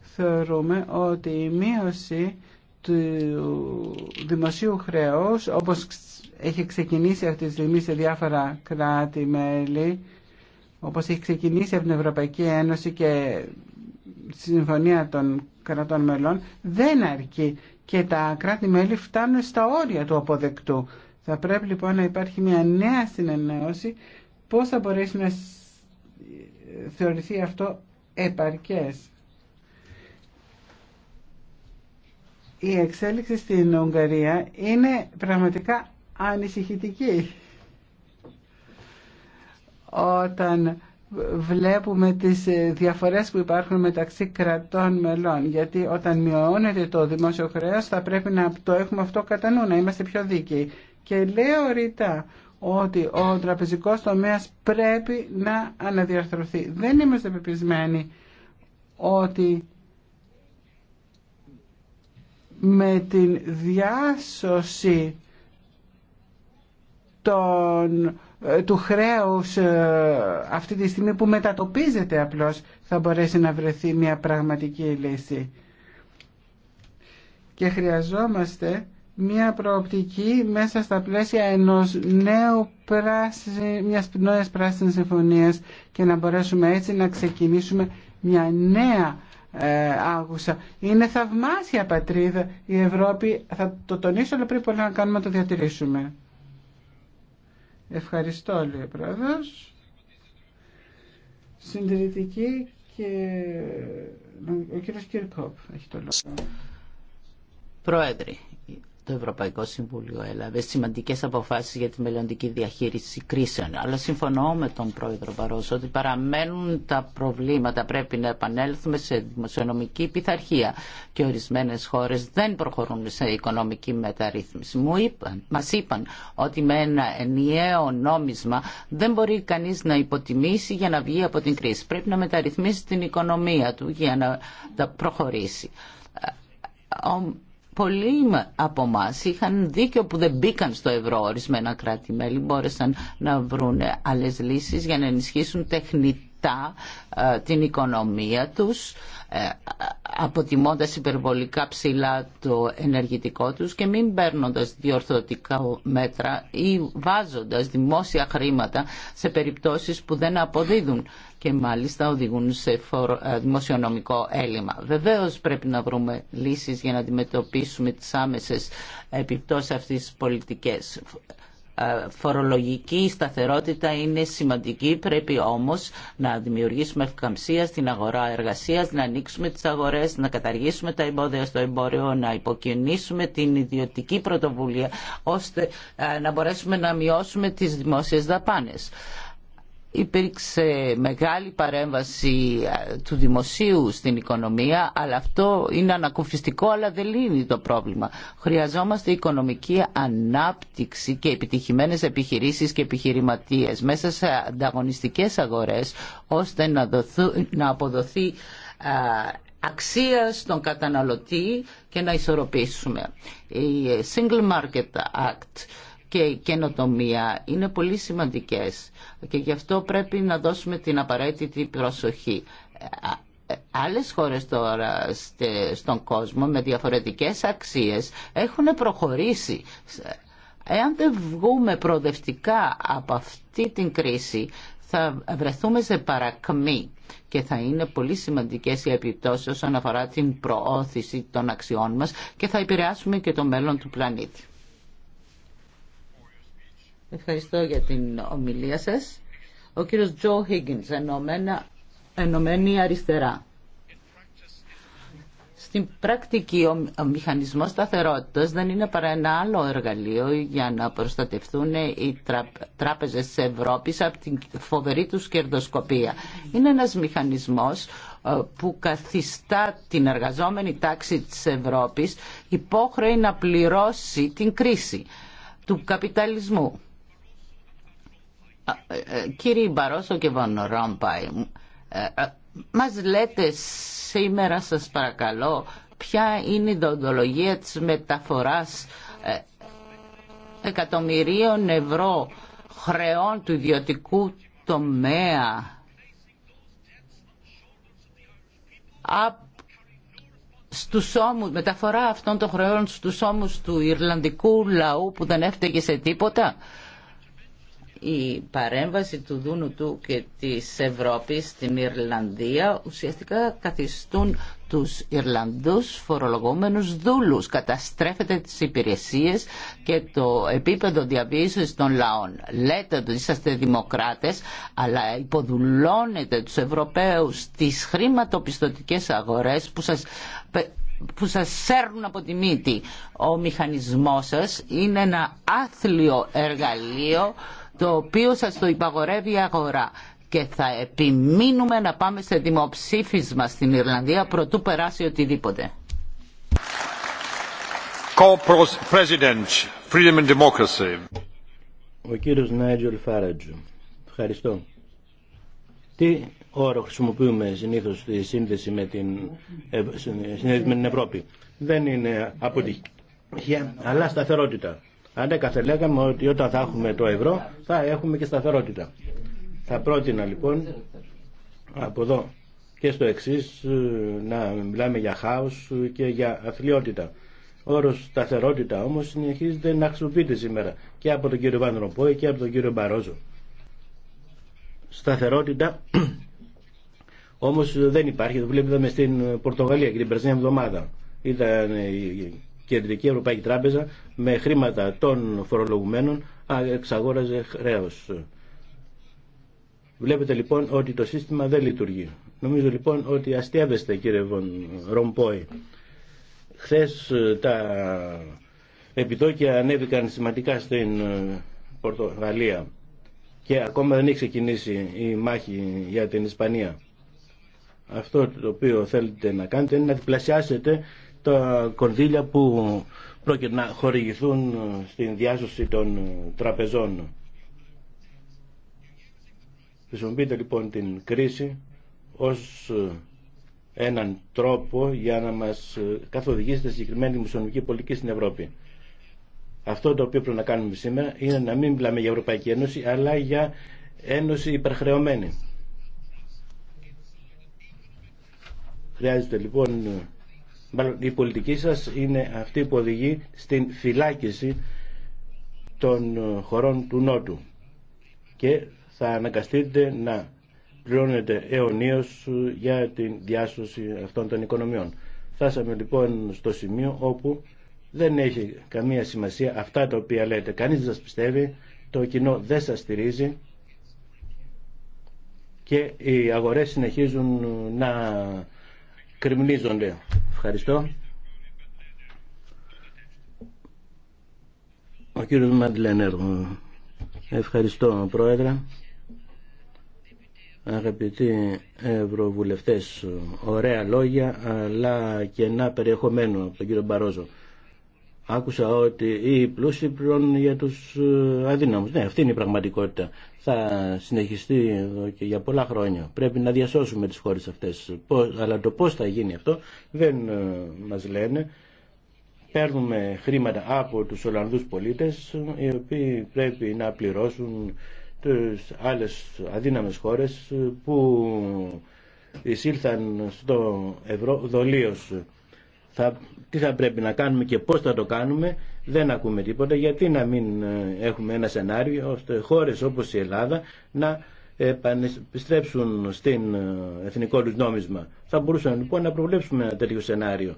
Θεωρούμε ότι η μείωση του δημοσίου χρέους όπως έχει ξεκινήσει αυτή τη στιγμή σε διάφορα κράτη-μέλη όπως έχει ξεκινήσει από την Ευρωπαϊκή Ένωση και Συμφωνία των κρατών μελών δεν αρκεί και τα κράτη-μέλη φτάνουν στα όρια του αποδεκτού. Θα πρέπει λοιπόν να υπάρχει μια νέα συνεννόηση πώς θα μπορέσει να θεωρηθεί αυτό επαρκές. Η εξέλιξη στην Ουγγαρία είναι πραγματικά ανησυχητική. Όταν βλέπουμε τις ε, διαφορές που υπάρχουν μεταξύ κρατών μελών γιατί όταν μειώνεται το δημόσιο χρέος θα πρέπει να το έχουμε αυτό κατά νου, να είμαστε πιο δίκαιοι και λέω ρητά ότι ο τραπεζικός τομέας πρέπει να αναδιαρθρωθεί δεν είμαστε πεπισμένοι ότι με την διάσωση τον ε, του χρέους ε, αυτή τη στιγμή που μετατοπίζεται απλώς θα μπορέσει να βρεθεί μια πραγματική λύση. Και χρειαζόμαστε μια προοπτική μέσα στα πλαίσια ενός νέου πράσι, μιας νέας πράσινης συμφωνίας και να μπορέσουμε έτσι να ξεκινήσουμε μια νέα ε, άγουσα. Είναι θαυμάσια πατρίδα η Ευρώπη, θα το τονίσω αλλά πριν πολύ να κάνουμε να το διατηρήσουμε. Ευχαριστώ, λέει ο Πρόεδρος. Συντηρητική και ο κύριος Κυρκόπ έχει το λόγο. Πρόεδρε, το Ευρωπαϊκό Συμβούλιο έλαβε σημαντικέ αποφάσει για τη μελλοντική διαχείριση κρίσεων. Αλλά συμφωνώ με τον Πρόεδρο Παρόσο ότι παραμένουν τα προβλήματα. Πρέπει να επανέλθουμε σε δημοσιονομική πειθαρχία και ορισμένε χώρε δεν προχωρούν σε οικονομική μεταρρύθμιση. Μου είπαν, ότι με ένα ενιαίο νόμισμα δεν μπορεί κανεί να υποτιμήσει για να βγει από την κρίση. Πρέπει να μεταρρυθμίσει την οικονομία του για να προχωρήσει Πολλοί από εμά είχαν δίκιο που δεν μπήκαν στο ευρώ. Ορισμένα κράτη-μέλη μπόρεσαν να βρουν άλλε λύσει για να ενισχύσουν τεχνητά ε, την οικονομία τους ε, αποτιμώντα υπερβολικά ψηλά το ενεργητικό τους και μην παίρνοντα διορθωτικά μέτρα ή βάζοντας δημόσια χρήματα σε περιπτώσεις που δεν αποδίδουν και μάλιστα οδηγούν σε ε, δημοσιονομικό έλλειμμα. Βεβαίω πρέπει να βρούμε λύσει για να αντιμετωπίσουμε τις άμεσες επιπτώσεις αυτής της πολιτικής ε, φορολογική σταθερότητα είναι σημαντική, πρέπει όμως να δημιουργήσουμε ευκαμψία στην αγορά εργασίας, να ανοίξουμε τις αγορές, να καταργήσουμε τα εμπόδια στο εμπόριο, να υποκινήσουμε την ιδιωτική πρωτοβουλία, ώστε ε, να μπορέσουμε να μειώσουμε τις δημόσιες δαπάνες υπήρξε μεγάλη παρέμβαση ε, του δημοσίου στην οικονομία, αλλά αυτό είναι ανακουφιστικό, αλλά δεν λύνει το πρόβλημα. Χρειαζόμαστε οικονομική ανάπτυξη και επιτυχημένες επιχειρήσεις και επιχειρηματίες μέσα σε ανταγωνιστικές αγορές, ώστε να, να αποδοθεί αξία στον καταναλωτή και να ισορροπήσουμε. Η ε, Single Market Act και καινοτομία είναι πολύ σημαντικές και γι' αυτό πρέπει να δώσουμε την απαραίτητη προσοχή. Ε, άλλες χώρες τώρα στον κόσμο με διαφορετικές αξίες έχουν προχωρήσει. Εάν δεν βγούμε προοδευτικά από αυτή την κρίση θα βρεθούμε σε παρακμή και θα είναι πολύ σημαντικές οι επιπτώσεις όσον αφορά την προώθηση των αξιών μας και θα επηρεάσουμε και το μέλλον του πλανήτη. Ευχαριστώ για την ομιλία σας. Ο κύριος Τζο Higgins, Ενωμένη Αριστερά. Στην πρακτική ο μηχανισμός σταθερότητας δεν είναι παρά ένα άλλο εργαλείο για να προστατευτούν οι τράπεζες της Ευρώπης από την φοβερή τους κερδοσκοπία. Είναι ένας μηχανισμός ε, που καθιστά την εργαζόμενη τάξη της Ευρώπης υπόχρεη να πληρώσει την κρίση του καπιταλισμού. Ε, ε, κύριε Μπαρόσο και Βαν Ρόμπαϊ, ε, μας λέτε σήμερα σας παρακαλώ ποια είναι η δοντολογία της μεταφοράς εκατομμυρίων ευρώ χρεών του ιδιωτικού τομέα στους ώμους, μεταφορά αυτών των χρεών στους ώμους του Ιρλανδικού λαού που δεν έφταιγε σε τίποτα η παρέμβαση του Δούνου του και της Ευρώπης στην Ιρλανδία ουσιαστικά καθιστούν τους Ιρλανδούς φορολογούμενους δούλους. Καταστρέφεται τις υπηρεσίες και το επίπεδο διαβίωσης των λαών. Λέτε ότι είσαστε δημοκράτες, αλλά υποδουλώνετε τους Ευρωπαίους στις χρηματοπιστωτικές αγορές που σας που σας σέρνουν από τη μύτη. Ο μηχανισμός σας είναι ένα άθλιο εργαλείο το οποίο σας το υπαγορεύει η αγορά και θα επιμείνουμε να πάμε σε δημοψήφισμα στην Ιρλανδία προτού περάσει οτιδήποτε. Ο κύριος Νάιτζελ Φάρατζου. Ευχαριστώ. Τι όρο χρησιμοποιούμε συνήθως στη σύνδεση με την, ε, με την Ευρώπη. Δεν είναι αποτυχία, αλλά σταθερότητα δεν καθελέγαμε ότι όταν θα έχουμε το ευρώ θα έχουμε και σταθερότητα. Θα πρότεινα λοιπόν από εδώ και στο εξή ε, να μιλάμε για χάος και για αθλειότητα. Ο όρος σταθερότητα όμως συνεχίζεται να χρησιμοποιείται σήμερα και από τον κύριο Βανδροπόη και από τον κύριο Μπαρόζο. Σταθερότητα όμως δεν υπάρχει. Το βλέπουμε στην Πορτογαλία και την περσμένη εβδομάδα. Ήταν Κεντρική Ευρωπαϊκή Τράπεζα με χρήματα των φορολογουμένων εξαγόραζε χρέος. Βλέπετε λοιπόν ότι το σύστημα δεν λειτουργεί. Νομίζω λοιπόν ότι αστείευεστε κύριε Ρομπόη. Χθε ε, τα επιτόκια ανέβηκαν σημαντικά στην ε, Πορτογαλία και ακόμα δεν έχει ξεκινήσει η μάχη για την Ισπανία. Αυτό το οποίο θέλετε να κάνετε είναι να διπλασιάσετε τα κονδύλια που πρόκειται να χορηγηθούν στην διάσωση των τραπεζών. Χρησιμοποιείται λοιπόν την κρίση ως έναν τρόπο για να μας καθοδηγήσει τη συγκεκριμένη μουσονομική πολιτική στην Ευρώπη. Αυτό το οποίο πρέπει να κάνουμε σήμερα είναι να μην μιλάμε για Ευρωπαϊκή Ένωση, αλλά για Ένωση υπερχρεωμένη. Χρειάζεται λοιπόν η πολιτική σας είναι αυτή που οδηγεί στην φυλάκιση των ε, χωρών του Νότου και θα αναγκαστείτε να πληρώνετε αιωνίως ε, για την διάσωση αυτών των οικονομιών. Φτάσαμε λοιπόν στο σημείο όπου δεν έχει καμία σημασία αυτά τα οποία λέτε. Κανείς δεν σας πιστεύει, το κοινό δεν σας στηρίζει και οι αγορές συνεχίζουν ε, να κρυμνίζονται. Ευχαριστώ. Ο κύριος Μαντλένερ. Ευχαριστώ, Πρόεδρε. Αγαπητοί Ευρωβουλευτές, ωραία λόγια, αλλά κενά περιεχομένου από τον κύριο Μπαρόζο. Άκουσα ότι οι πλούσιοι πληρώνουν για τους ε, αδύναμους. Ναι, αυτή είναι η πραγματικότητα. Θα συνεχιστεί εδώ και για πολλά χρόνια. Πρέπει να διασώσουμε τις χώρες αυτές. αλλά το πώς θα γίνει αυτό δεν ε, μας λένε. Παίρνουμε χρήματα από τους Ολλανδούς πολίτες οι οποίοι πρέπει να πληρώσουν τις άλλες αδύναμες χώρες που εισήλθαν στο ευρώ δολίως θα, τι θα πρέπει να κάνουμε και πώς θα το κάνουμε δεν ακούμε τίποτα γιατί να μην ε, έχουμε ένα σενάριο ώστε χώρες όπως η Ελλάδα να επιστρέψουν στην ε, εθνικό του νόμισμα. Θα μπορούσαμε λοιπόν να προβλέψουμε ένα τέτοιο σενάριο.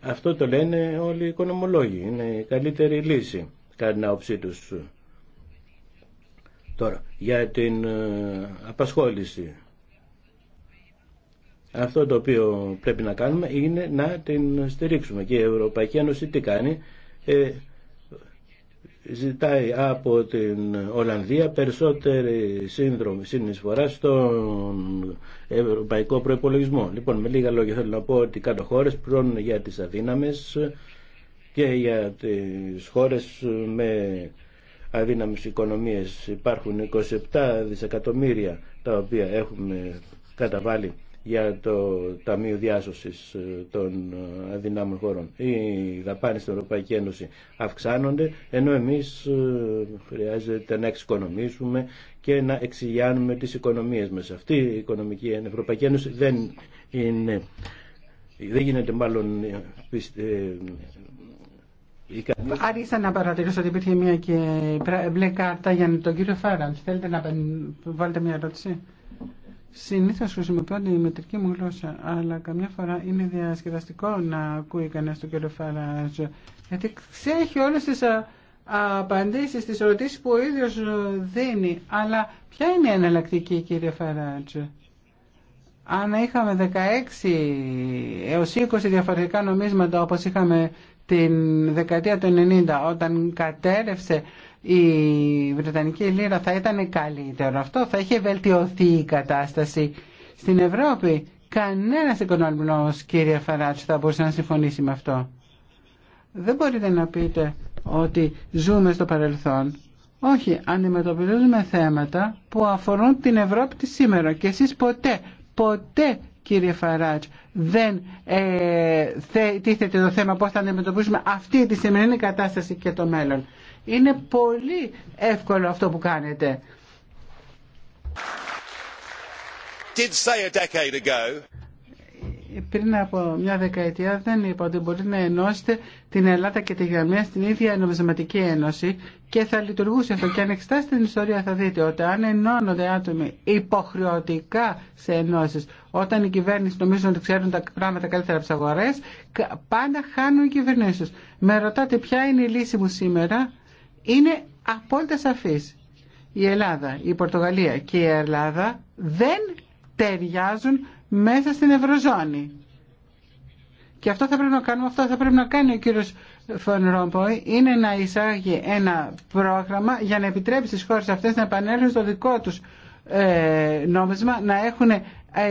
Αυτό το λένε όλοι οι οικονομολόγοι. Είναι η καλύτερη λύση κατά την άποψή του. Τώρα, για την ε, απασχόληση. Αυτό το οποίο πρέπει να κάνουμε είναι να την στηρίξουμε. Και η Ευρωπαϊκή Ένωση τι κάνει. Ε, ζητάει από την Ολλανδία περισσότερη σύνδρομη συνεισφορά στον ευρωπαϊκό προϋπολογισμό. Λοιπόν, με λίγα λόγια θέλω να πω ότι κάτω χώρε πληρώνουν για τις αδύναμες και για τις χώρες με αδύναμες οικονομίες υπάρχουν 27 δισεκατομμύρια τα οποία έχουμε καταβάλει για το Ταμείο Διάσωσης ε, των ε, Αδυνάμων Χωρών. Οι δαπάνες στην Ευρωπαϊκή Ένωση αυξάνονται, ενώ εμείς ε, χρειάζεται να εξοικονομήσουμε και να εξηγιάνουμε τις οικονομίες μας. Αυτή η οικονομική Ευρωπαϊκή Ένωση δεν, είναι, δεν γίνεται μάλλον Άρχισα να παρατηρήσω ότι υπήρχε μια και μπλε κάρτα για τον κύριο Φάραντ. Θέλετε να βάλετε μια ερώτηση. Συνήθως χρησιμοποιώ τη μετρική μου γλώσσα, αλλά καμιά φορά είναι διασκεδαστικό να ακούει κανένας τον κύριο Φαράζ, γιατί ξέχει όλες τις απαντήσεις τις ερωτήσεις που ο ίδιος ε, δίνει. Αλλά ποια είναι η εναλλακτική, κύριε Φαράτζο. Αν είχαμε 16 έως 20 διαφορετικά νομίσματα όπως είχαμε την δεκαετία του 90 όταν κατέρευσε η Βρετανική Λύρα θα ήταν καλύτερο. Αυτό θα είχε βελτιωθεί η κατάσταση στην Ευρώπη. Κανένας οικονομικός, κύριε Φαράτζ θα μπορούσε να συμφωνήσει με αυτό. Δεν μπορείτε να πείτε ότι ζούμε στο παρελθόν. Όχι, αντιμετωπίζουμε θέματα που αφορούν την Ευρώπη τη σήμερα και εσείς ποτέ, ποτέ κύριε Φαράτς, δεν ε, τίθεται το θέμα πώς θα αντιμετωπίσουμε αυτή τη σημερινή κατάσταση και το μέλλον. Είναι πολύ εύκολο αυτό που κάνετε. Did say a decade ago. Πριν από μια δεκαετία δεν είπα ότι μπορείτε να ενώσετε την Ελλάδα και τη Γερμανία στην ίδια νομισματική ένωση και θα λειτουργούσε αυτό. Και αν εξετάσετε την ιστορία θα δείτε ότι αν ενώνονται άτομοι υποχρεωτικά σε ενώσει, όταν οι κυβέρνηση νομίζουν ότι ξέρουν τα πράγματα καλύτερα από τι αγορέ, πάντα χάνουν οι κυβερνήσει. Με ρωτάτε ποια είναι η λύση μου σήμερα είναι απόλυτα σαφής. Η Ελλάδα, η Πορτογαλία και η Ελλάδα δεν ταιριάζουν μέσα στην Ευρωζώνη. Και αυτό θα πρέπει να κάνουμε, αυτό θα πρέπει να κάνει ο κύριος Φον Ρόμποϊ, είναι να εισάγει ένα πρόγραμμα για να επιτρέψει στις χώρες αυτές να επανέλθουν στο δικό τους ε, νόμισμα, να έχουν ε,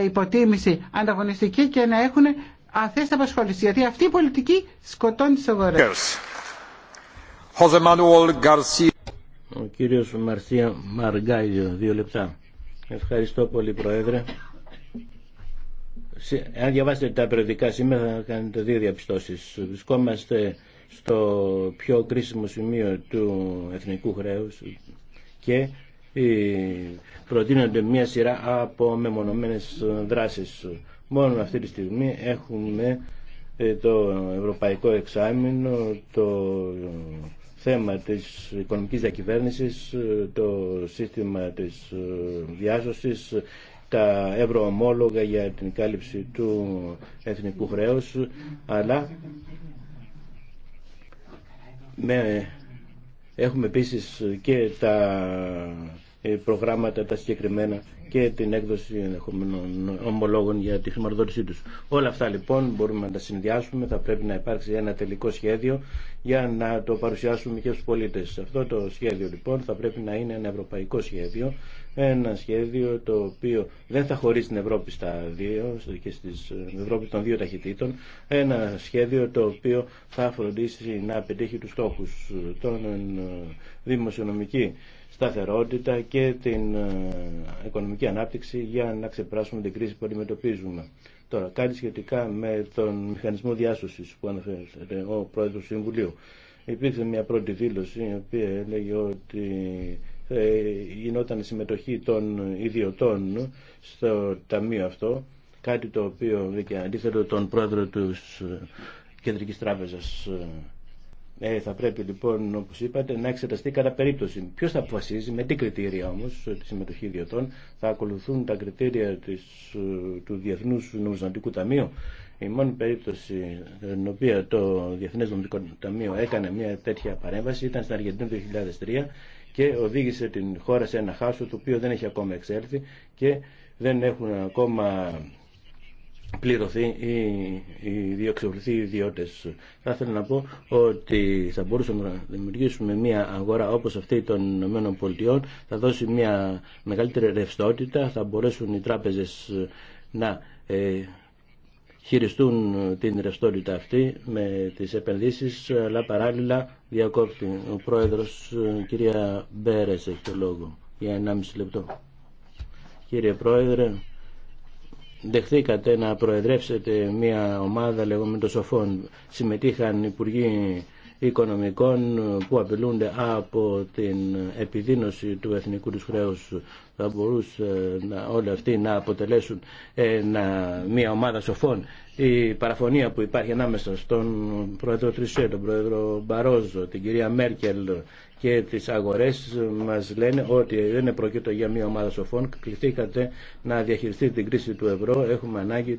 υποτίμηση ανταγωνιστική και να έχουν αθέστα απασχόληση. Γιατί αυτή η πολιτική σκοτώνει τις αγορές. Ο κύριος Μαρσία Μαργκάγιο, δύο λεπτά. Ευχαριστώ πολύ Πρόεδρε. Αν διαβάσετε τα περιοδικά σήμερα θα κάνετε δύο διαπιστώσεις. Βρισκόμαστε στο πιο κρίσιμο σημείο του εθνικού χρέους και ε, προτείνονται μια σειρά από μεμονωμένες δράσεις. Μόνο αυτή τη στιγμή έχουμε ε, το ευρωπαϊκό εξάμεινο, το θέμα της οικονομικής διακυβέρνησης, ε, το σύστημα της ε, διάσωσης, τα ευρωομόλογα για την κάλυψη του εθνικού χρέους, αλλά με, έχουμε επίσης και τα ε, προγράμματα τα συγκεκριμένα και την έκδοση ενδεχομένων ομολόγων για τη χρηματοδότησή τους. Όλα αυτά λοιπόν μπορούμε να τα συνδυάσουμε, θα πρέπει να υπάρξει ένα τελικό σχέδιο για να το παρουσιάσουμε και στους πολίτες. Αυτό το σχέδιο λοιπόν θα πρέπει να είναι ένα ευρωπαϊκό σχέδιο, ένα σχέδιο το οποίο δεν θα χωρίσει την Ευρώπη στα δύο και στις ε, Ευρώπη των δύο ταχυτήτων, ένα σχέδιο το οποίο θα φροντίσει να πετύχει τους στόχους των ε, δημοσιονομική σταθερότητα και την ε, οικονομική ανάπτυξη για να ξεπεράσουμε την κρίση που αντιμετωπίζουμε. Τώρα, κάτι σχετικά με τον μηχανισμό διάσωση που αναφέρεται ο Πρόεδρος του Συμβουλίου. Υπήρξε μια πρώτη δήλωση η οποία έλεγε ότι ε, γινόταν συμμετοχή των ιδιωτών στο ταμείο αυτό, κάτι το οποίο αντίθετο τον πρόεδρο του Κεντρικής Τράπεζας ε, ε, θα πρέπει λοιπόν, όπω είπατε, να εξεταστεί κατά περίπτωση. Ποιο θα αποφασίζει, με τι κριτήρια όμω, τη συμμετοχή ιδιωτών, θα ακολουθούν τα κριτήρια της, ε, του Διεθνού Νομισματικού Ταμείου. Η μόνη περίπτωση στην οποία το Διεθνέ Νομισματικό Ταμείο έκανε μια τέτοια παρέμβαση ήταν στην Αργεντινή 2003 και οδήγησε την χώρα σε ένα χάσο το οποίο δεν έχει ακόμα εξέλθει και δεν έχουν ακόμα πληρωθεί ή διοξευληθεί οι ιδιώτες. Θα ήθελα να πω ότι θα μπορούσαμε να δημιουργήσουμε μια αγορά όπως αυτή των Πολιτειών. θα δώσει μια μεγαλύτερη ρευστότητα, θα μπορέσουν οι τράπεζες να ε, χειριστούν την ρευστότητα αυτή με τις επενδύσεις, αλλά παράλληλα διακόπτει ο πρόεδρος κυρία Μπέρες έχει το λόγο για 1,5 λεπτό. Κύριε Πρόεδρε, δεχθήκατε να προεδρεύσετε μια ομάδα λεγόμενη σοφών. Συμμετείχαν υπουργοί οικονομικών που απειλούνται από την επιδίνωση του εθνικού τους χρέους θα μπορούσε να, όλοι αυτοί να αποτελέσουν ε, μια ομάδα σοφών η παραφωνία που υπάρχει ανάμεσα στον πρόεδρο Τρισέ, τον πρόεδρο Μπαρόζο, την κυρία Μέρκελ και τι αγορέ μα λένε ότι δεν προκείτο για μια ομάδα σοφών. Κληθήκατε να διαχειριστεί την κρίση του ευρώ. Έχουμε ανάγκη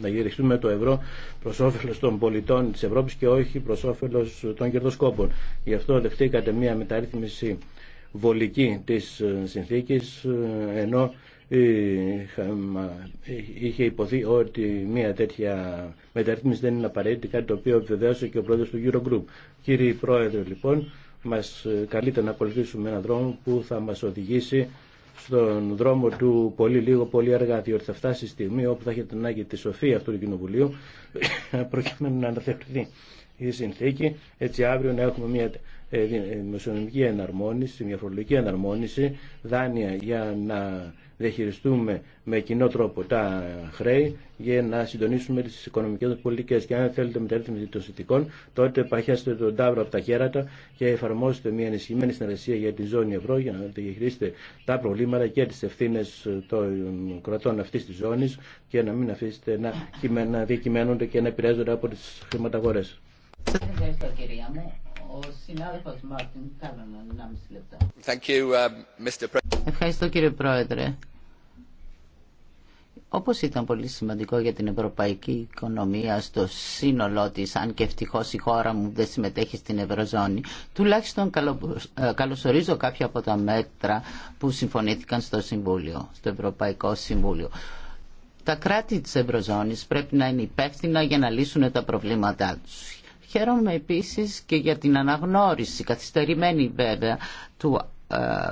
να διαχειριστούμε το ευρώ προ όφελο των πολιτών τη Ευρώπη και όχι προ όφελο των κερδοσκόπων. Γι' αυτό δεχτήκατε μια μεταρρύθμιση βολική της ε, συνθήκης ε, ενώ ε, είχε υποθεί ότι μια τέτοια μεταρρύθμιση δεν είναι απαραίτητη, κάτι το οποίο επιβεβαίωσε και ο πρόεδρος του Eurogroup. Κύριε Πρόεδρε, λοιπόν, μας ε, καλείται να ακολουθήσουμε έναν δρόμο που θα μας οδηγήσει στον δρόμο του πολύ λίγο, πολύ αργά, διότι θα φτάσει η στιγμή όπου θα έχετε την ανάγκη τη σοφία αυτού του Κοινοβουλίου προκειμένου να αναθεωρηθεί η συνθήκη, έτσι αύριο να έχουμε μια ε, ε, δημοσιονομική εναρμόνιση, μια φορολογική εναρμόνιση, δάνεια για να διαχειριστούμε με κοινό τρόπο τα χρέη για να συντονίσουμε τι οικονομικέ πολιτικέ. Και αν θέλετε μεταρρύθμιση των συνθηκών, τότε παχιάστε τον τάβρο από τα χέρατα και εφαρμόστε μια ενισχυμένη συνεργασία για τη ζώνη ευρώ για να διαχειρίσετε τα προβλήματα και τι ευθύνε των κρατών αυτή τη ζώνη και να μην αφήσετε να, να διακυμαίνονται και να επηρεάζονται από τι χρηματαγορέ. ευχαριστώ, κυρία μου. Uh, Ευχαριστώ κύριε Πρόεδρε. Όπως ήταν πολύ σημαντικό για την ευρωπαϊκή οικονομία στο σύνολό της, αν και ευτυχώ η χώρα μου δεν συμμετέχει στην Ευρωζώνη, τουλάχιστον ε, καλωσορίζω κάποια από τα μέτρα που συμφωνήθηκαν στο Συμβούλιο, στο Ευρωπαϊκό Συμβούλιο. Τα κράτη της Ευρωζώνης πρέπει να είναι υπεύθυνα για να λύσουν τα προβλήματά τους. Χαίρομαι επίσης και για την αναγνώριση, καθυστερημένη βέβαια, του,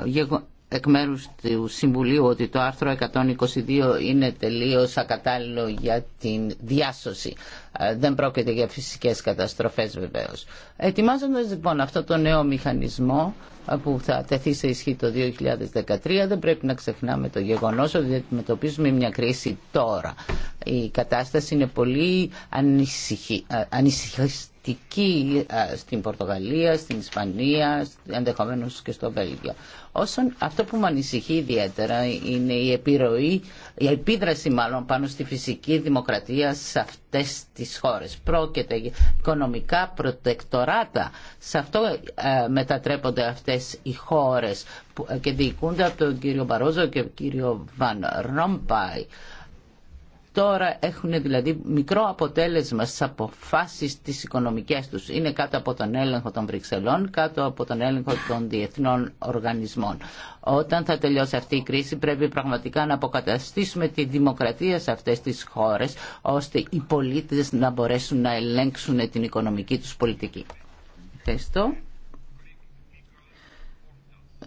ε, εκ μέρου του Συμβουλίου ότι το άρθρο 122 είναι τελείως ακατάλληλο για την διάσωση. Ε, δεν πρόκειται για φυσικές καταστροφές βεβαίως. Ετοιμάζοντας λοιπόν αυτό το νέο μηχανισμό ε, που θα τεθεί σε ισχύ το 2013 δεν πρέπει να ξεχνάμε το γεγονός ότι αντιμετωπίζουμε μια κρίση τώρα. Η κατάσταση είναι πολύ ανησυχη... Ε, ε, στην Πορτογαλία, στην Ισπανία, ενδεχομένω και στο Βέλγιο. Όσον αυτό που με ανησυχεί ιδιαίτερα είναι η επιρροή, η επίδραση μάλλον πάνω στη φυσική δημοκρατία σε αυτές τις χώρες. Πρόκειται οικονομικά προτεκτοράτα. Σε αυτό ε, μετατρέπονται αυτές οι χώρες ε, και διοικούνται από τον κύριο Μπαρόζο και τον κύριο Βαν Ρόμπαϊ. Τώρα έχουν δηλαδή μικρό αποτέλεσμα στις αποφάσεις τις οικονομικές τους. Είναι κάτω από τον έλεγχο των Βρυξελών, κάτω από τον έλεγχο των διεθνών οργανισμών. Όταν θα τελειώσει αυτή η κρίση πρέπει πραγματικά να αποκαταστήσουμε τη δημοκρατία σε αυτές τις χώρες ώστε οι πολίτες να μπορέσουν να ελέγξουν την οικονομική τους πολιτική. Ευχαριστώ.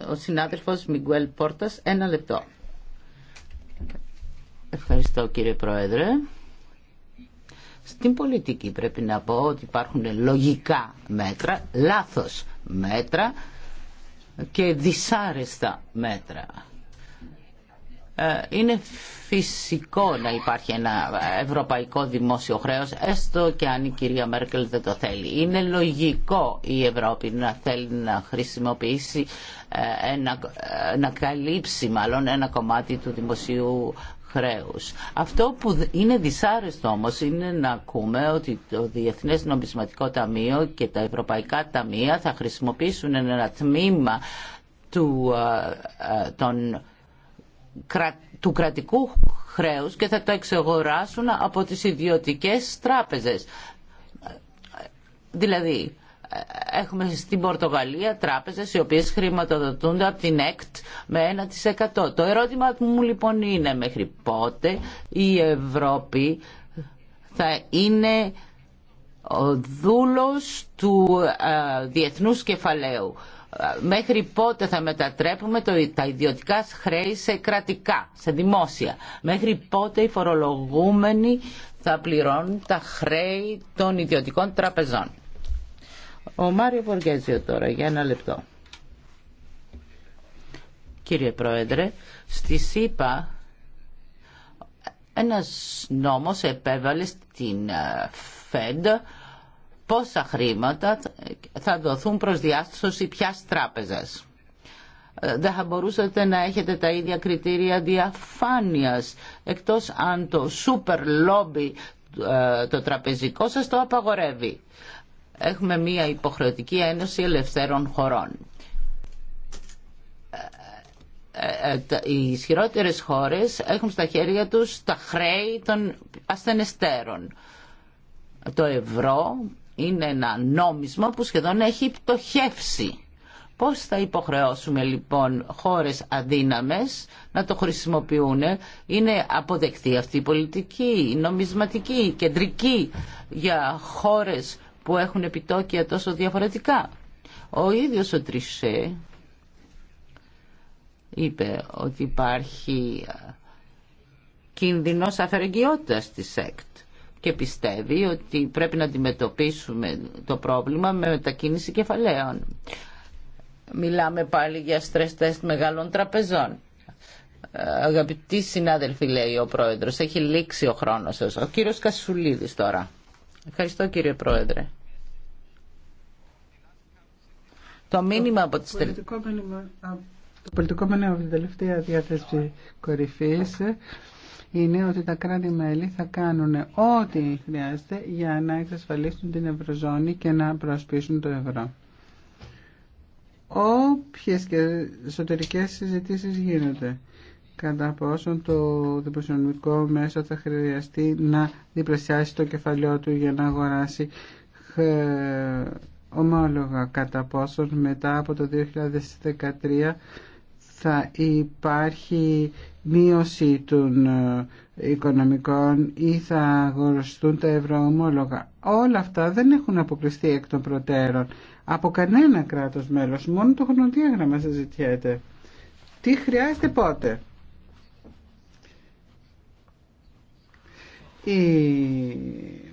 Ο συνάδελφος Μιγκουέλ Πόρτας, ένα λεπτό. Ευχαριστώ κύριε Πρόεδρε. Στην πολιτική πρέπει να πω ότι υπάρχουν λογικά μέτρα, λάθος μέτρα και δυσάρεστα μέτρα. Ε, είναι φυσικό να υπάρχει ένα ευρωπαϊκό δημόσιο χρέος, έστω και αν η κυρία Μέρκελ δεν το θέλει. Είναι λογικό η Ευρώπη να θέλει να χρησιμοποιήσει, ε, ένα, ε, να καλύψει μάλλον ένα κομμάτι του δημοσίου αυτό που είναι δυσάρεστο όμως είναι να ακούμε ότι το Διεθνές Νομισματικό Ταμείο και τα Ευρωπαϊκά Ταμεία θα χρησιμοποιήσουν ένα τμήμα του, ε, ε, κρα, του κρατικού χρέους και θα το εξεγοράσουν από τις ιδιωτικές τράπεζες. Δηλαδή, έχουμε στην Πορτογαλία τράπεζες οι οποίες χρηματοδοτούνται από την ΕΚΤ με 1%. Το ερώτημα μου λοιπόν είναι μέχρι πότε η Ευρώπη θα είναι ο δούλος του ε, διεθνούς κεφαλαίου. Μέχρι πότε θα μετατρέπουμε το, τα ιδιωτικά χρέη σε κρατικά, σε δημόσια. Μέχρι πότε οι φορολογούμενοι θα πληρώνουν τα χρέη των ιδιωτικών τραπεζών. Ο Μάριο Βοργέζιο τώρα για ένα λεπτό. Κύριε Πρόεδρε, στη ΣΥΠΑ ένας νόμος επέβαλε στην ε, ΦΕΔ πόσα χρήματα θα δοθούν προς διάσωση ποιας τράπεζας. Ε, δεν θα μπορούσατε να έχετε τα ίδια κριτήρια διαφάνειας, εκτός αν το super lobby ε, το τραπεζικό σας το απαγορεύει έχουμε μία υποχρεωτική ένωση ελευθέρων χωρών. Ε, ε, οι ισχυρότερες χώρες έχουν στα χέρια τους τα χρέη των ασθενεστέρων. Το ευρώ είναι ένα νόμισμα που σχεδόν έχει πτωχεύσει. Πώς θα υποχρεώσουμε λοιπόν χώρες αδύναμες να το χρησιμοποιούν. Είναι αποδεκτή αυτή η πολιτική, η νομισματική, η κεντρική για χώρες που έχουν επιτόκια τόσο διαφορετικά. Ο ίδιος ο Τρισέ είπε ότι υπάρχει κίνδυνος αφαιρεγγιότητας της ΕΚΤ και πιστεύει ότι πρέπει να αντιμετωπίσουμε το πρόβλημα με μετακίνηση κεφαλαίων. Μιλάμε πάλι για στρες τεστ μεγάλων τραπεζών. Αγαπητοί συνάδελφοι, λέει ο πρόεδρος, έχει λήξει ο χρόνος σας. Ο κύριος Κασουλίδης τώρα. Ευχαριστώ κύριε Πρόεδρε. Το μήνυμα από τις πολιτικό μήνυμα, Το πολιτικό μήνυμα από την τελευταία διάθεση κορυφής είναι ότι τα κράτη-μέλη θα κάνουν ό,τι χρειάζεται για να εξασφαλίσουν την Ευρωζώνη και να προασπίσουν το ευρώ. Όποιες και εσωτερικές συζητήσεις γίνονται κατά πόσον το δημοσιονομικό μέσο θα χρειαστεί να διπλασιάσει το κεφαλαίο του για να αγοράσει ομόλογα κατά πόσον μετά από το 2013 θα υπάρχει μείωση των ε, οικονομικών ή θα αγοραστούν τα ευρωομόλογα. Όλα αυτά δεν έχουν αποκλειστεί εκ των προτέρων από κανένα κράτος μέλος. Μόνο το χρονοδιάγραμμα συζητιέται. Τι χρειάζεται πότε. Οι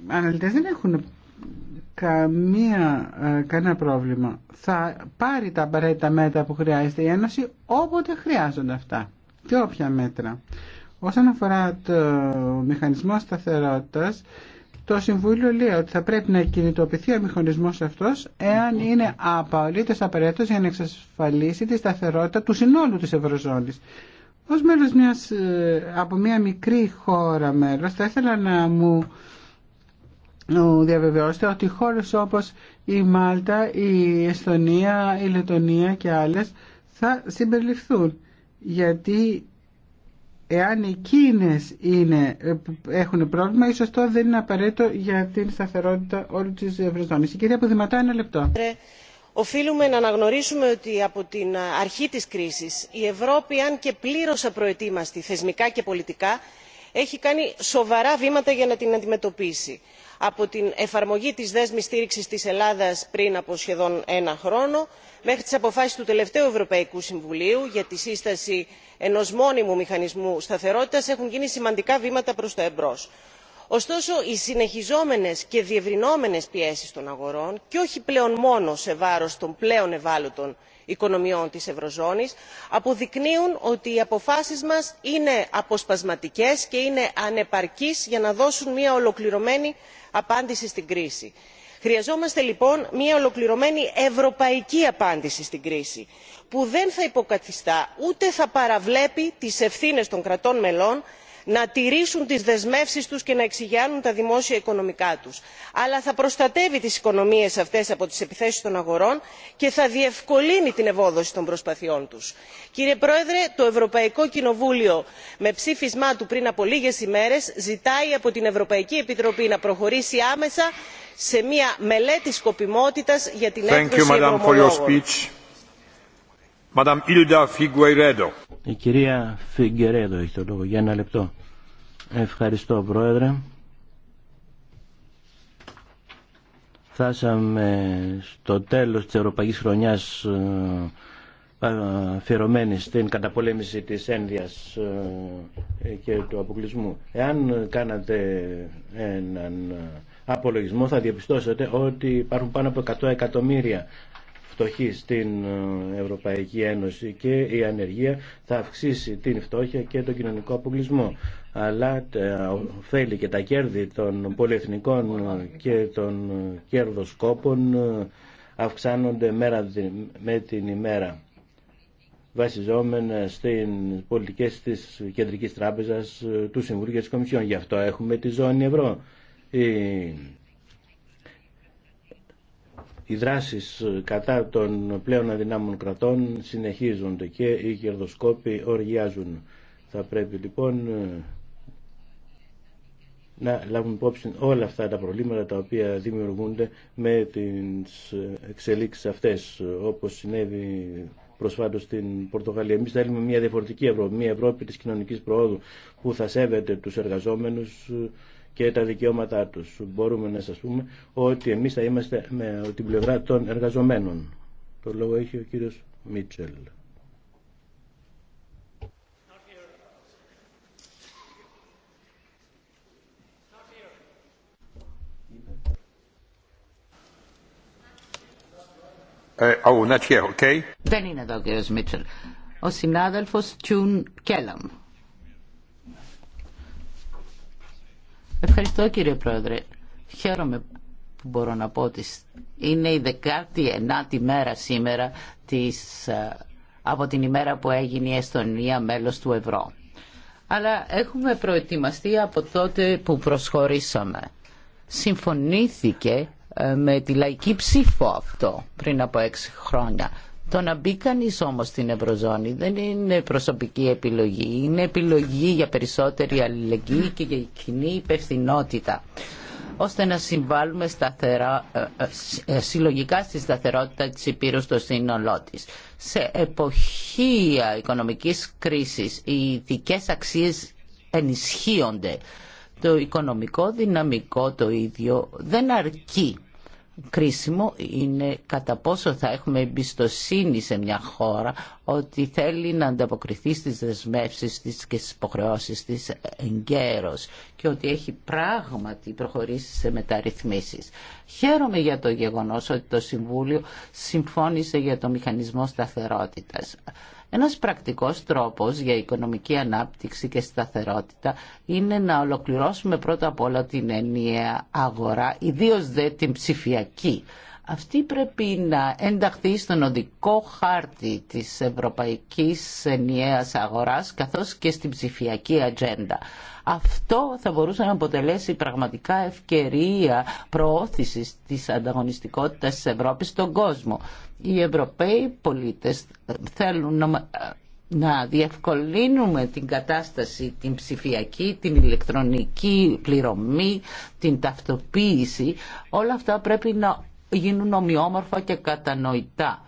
αναλυτές δεν έχουν καμία, ε, κανένα πρόβλημα. Θα πάρει τα απαραίτητα μέτρα που χρειάζεται η Ένωση όποτε χρειάζονται αυτά και όποια μέτρα. Όσον αφορά το μηχανισμό σταθερότητας, το Συμβούλιο λέει ότι θα πρέπει να κινητοποιηθεί ο μηχανισμό αυτό εάν είναι απολύτω απαραίτητο για να εξασφαλίσει τη σταθερότητα του συνόλου τη Ευρωζώνη. Ως μέλος μιας, ε, από μια μικρή χώρα μέλος θα ήθελα να μου διαβεβαιώσετε ότι χώρες όπως η Μάλτα, η Εστονία, η Λετωνία και άλλες θα συμπεριληφθούν γιατί εάν εκείνες είναι, ε, έχουν πρόβλημα ίσως αυτό δεν είναι απαραίτητο για την σταθερότητα όλη της Ευρωζώνης. Η κυρία Πουδηματά ένα λεπτό οφείλουμε να αναγνωρίσουμε ότι από την αρχή της κρίσης η ευρώπη αν και πλήρως απροετοίμαστη θεσμικά και πολιτικά έχει κάνει σοβαρά βήματα για να την αντιμετωπίσει από την εφαρμογή της δέσμης στήριξης της ελλάδας πριν από σχεδόν ένα χρόνο μέχρι τις αποφάσεις του τελευταίου ευρωπαϊκού συμβουλίου για τη σύσταση ενός μόνιμου μηχανισμού σταθερότητας έχουν γίνει σημαντικά βήματα προς το εμπρός ωστόσο οι συνεχιζόμενες και διευρυνόμενες πιέσεις των αγορών και όχι πλέον μόνο σε βάρος των πλέον ευάλωτων οικονομιών της ευρωζώνης αποδεικνύουν ότι οι αποφάσεις μας είναι αποσπασματικές και είναι ανεπαρκείς για να δώσουν μια ολοκληρωμένη απάντηση στην κρίση. χρειαζόμαστε λοιπόν μια ολοκληρωμένη ευρωπαϊκή απάντηση στην κρίση που δεν θα υποκαθιστά ούτε θα παραβλέπει τις ευθύνες των κρατών μελών να τηρήσουν τις δεσμεύσεις τους και να εξηγειάνουν τα δημόσια οικονομικά τους αλλά θα προστατεύει τις οικονομίες αυτές από τις επιθέσεις των αγορών και θα διευκολύνει την ευόδοση των προσπαθειών τους. κύριε πρόεδρε το ευρωπαϊκό κοινοβούλιο με ψήφισμά του πριν από λίγες ημέρες ζητάει από την ευρωπαϊκή επιτροπή να προχωρήσει άμεσα σε μια μελέτη σκοπιμότητας για την έκδοση ευρωομολόγων. Η κυρία Φιγκερέδο έχει το λόγο για ένα λεπτό. Ευχαριστώ πρόεδρε. Φτάσαμε στο τέλος της Ευρωπαϊκής Χρονιάς ε, αφιερωμένη στην καταπολέμηση της ένδυας ε, και του αποκλεισμού. Εάν κάνατε έναν απολογισμό θα διαπιστώσετε ότι υπάρχουν πάνω από 100 εκατομμύρια Φτωχή στην ε, Ευρωπαϊκή Ένωση και η ανεργία θα αυξήσει την φτώχεια και τον κοινωνικό αποκλεισμό. Αλλά τα ε, και τα κέρδη των πολυεθνικών ε, και των κέρδοσκόπων αυξάνονται μέρα με την ημέρα βασιζόμενα στην πολιτικές της Κεντρικής Τράπεζας του Συμβουλίου και της Γι' αυτό έχουμε τη ζώνη ευρώ οι δράσεις κατά των πλέον αδυνάμων κρατών συνεχίζονται και οι κερδοσκόποι οργιάζουν. Θα πρέπει λοιπόν ε, να λάβουμε υπόψη όλα αυτά τα προβλήματα τα οποία δημιουργούνται με τις εξελίξεις αυτές όπως συνέβη προσφάτω στην Πορτογαλία. Εμεί θέλουμε μια διαφορετική Ευρώπη, μια Ευρώπη τη κοινωνική προόδου που θα σέβεται του εργαζόμενου, και τα δικαιώματά τους. Μπορούμε να σας πούμε ότι εμείς θα είμαστε με την πλευρά των εργαζομένων. Το λόγο έχει ο κύριος Μίτσελ. Ε, oh, Δεν είναι εδώ ο κύριος Μίτσελ. Ο συνάδελφος Τιούν Κέλαμ. Ευχαριστώ κύριε Πρόεδρε. Χαίρομαι που μπορώ να πω ότι είναι η 19η μέρα σήμερα της, από την ημέρα που έγινε η Εστονία μέλος του Ευρώ. Αλλά έχουμε προετοιμαστεί από τότε που προσχωρήσαμε. Συμφωνήθηκε ε, με τη λαϊκή ψήφο αυτό πριν από έξι χρόνια. Το να μπει κανεί όμως στην Ευρωζώνη δεν είναι προσωπική επιλογή, είναι επιλογή για περισσότερη αλληλεγγύη και για κοινή υπευθυνότητα ώστε να συμβάλλουμε σταθερά, ε, ε, συλλογικά στη σταθερότητα της Υπήρου στο σύνολό τη. Σε εποχή οικονομικής κρίσης οι ηθικές αξίες ενισχύονται. Το οικονομικό δυναμικό το ίδιο δεν αρκεί κρίσιμο είναι κατά πόσο θα έχουμε εμπιστοσύνη σε μια χώρα ότι θέλει να ανταποκριθεί στις δεσμεύσεις της και στις υποχρεώσεις της εγκαίρως και ότι έχει πράγματι προχωρήσει σε μεταρρυθμίσεις. Χαίρομαι για το γεγονός ότι το Συμβούλιο συμφώνησε για το μηχανισμό σταθερότητας. Ένας πρακτικός τρόπος για οικονομική ανάπτυξη και σταθερότητα είναι να ολοκληρώσουμε πρώτα απ' όλα την ενιαία αγορά, ιδίως δε την ψηφιακή. Αυτή πρέπει να ενταχθεί στον οδικό χάρτη της Ευρωπαϊκής Ενιαίας Αγοράς καθώς και στην ψηφιακή ατζέντα. Αυτό θα μπορούσε να αποτελέσει πραγματικά ευκαιρία προώθησης της ανταγωνιστικότητας της Ευρώπης στον κόσμο. Οι Ευρωπαίοι πολίτες θέλουν να διευκολύνουμε την κατάσταση, την ψηφιακή, την ηλεκτρονική πληρωμή, την ταυτοποίηση. Όλα αυτά πρέπει να γίνουν ομοιόμορφα και κατανοητά.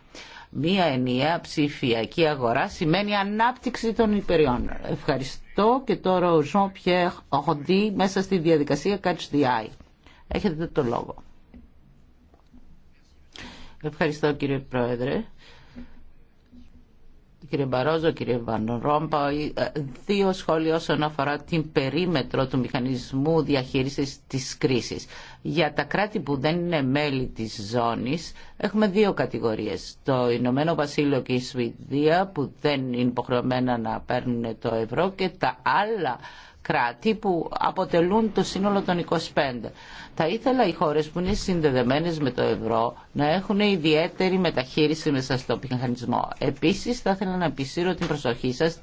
Μία ενιαία ψηφιακή αγορά σημαίνει ανάπτυξη των υπεριών. Ευχαριστώ και τώρα ο Ζων Πιέρ μέσα στη διαδικασία Catch the Eye. Έχετε το λόγο. Ευχαριστώ κύριε Πρόεδρε κύριε Μπαρόζο, κύριε Βαν ε, δύο σχόλια όσον αφορά την περίμετρο του μηχανισμού διαχείρισης της κρίσης. Για τα κράτη που δεν είναι μέλη της ζώνης έχουμε δύο κατηγορίες. Το Ηνωμένο Βασίλειο και η Σουηδία που δεν είναι υποχρεωμένα να παίρνουν το ευρώ και τα άλλα κράτη που αποτελούν το σύνολο των 25. Θα ήθελα οι χώρες που είναι συνδεδεμένες με το ευρώ να έχουν ιδιαίτερη μεταχείριση μέσα στο μηχανισμό. Επίσης θα ήθελα να επισύρω την προσοχή σας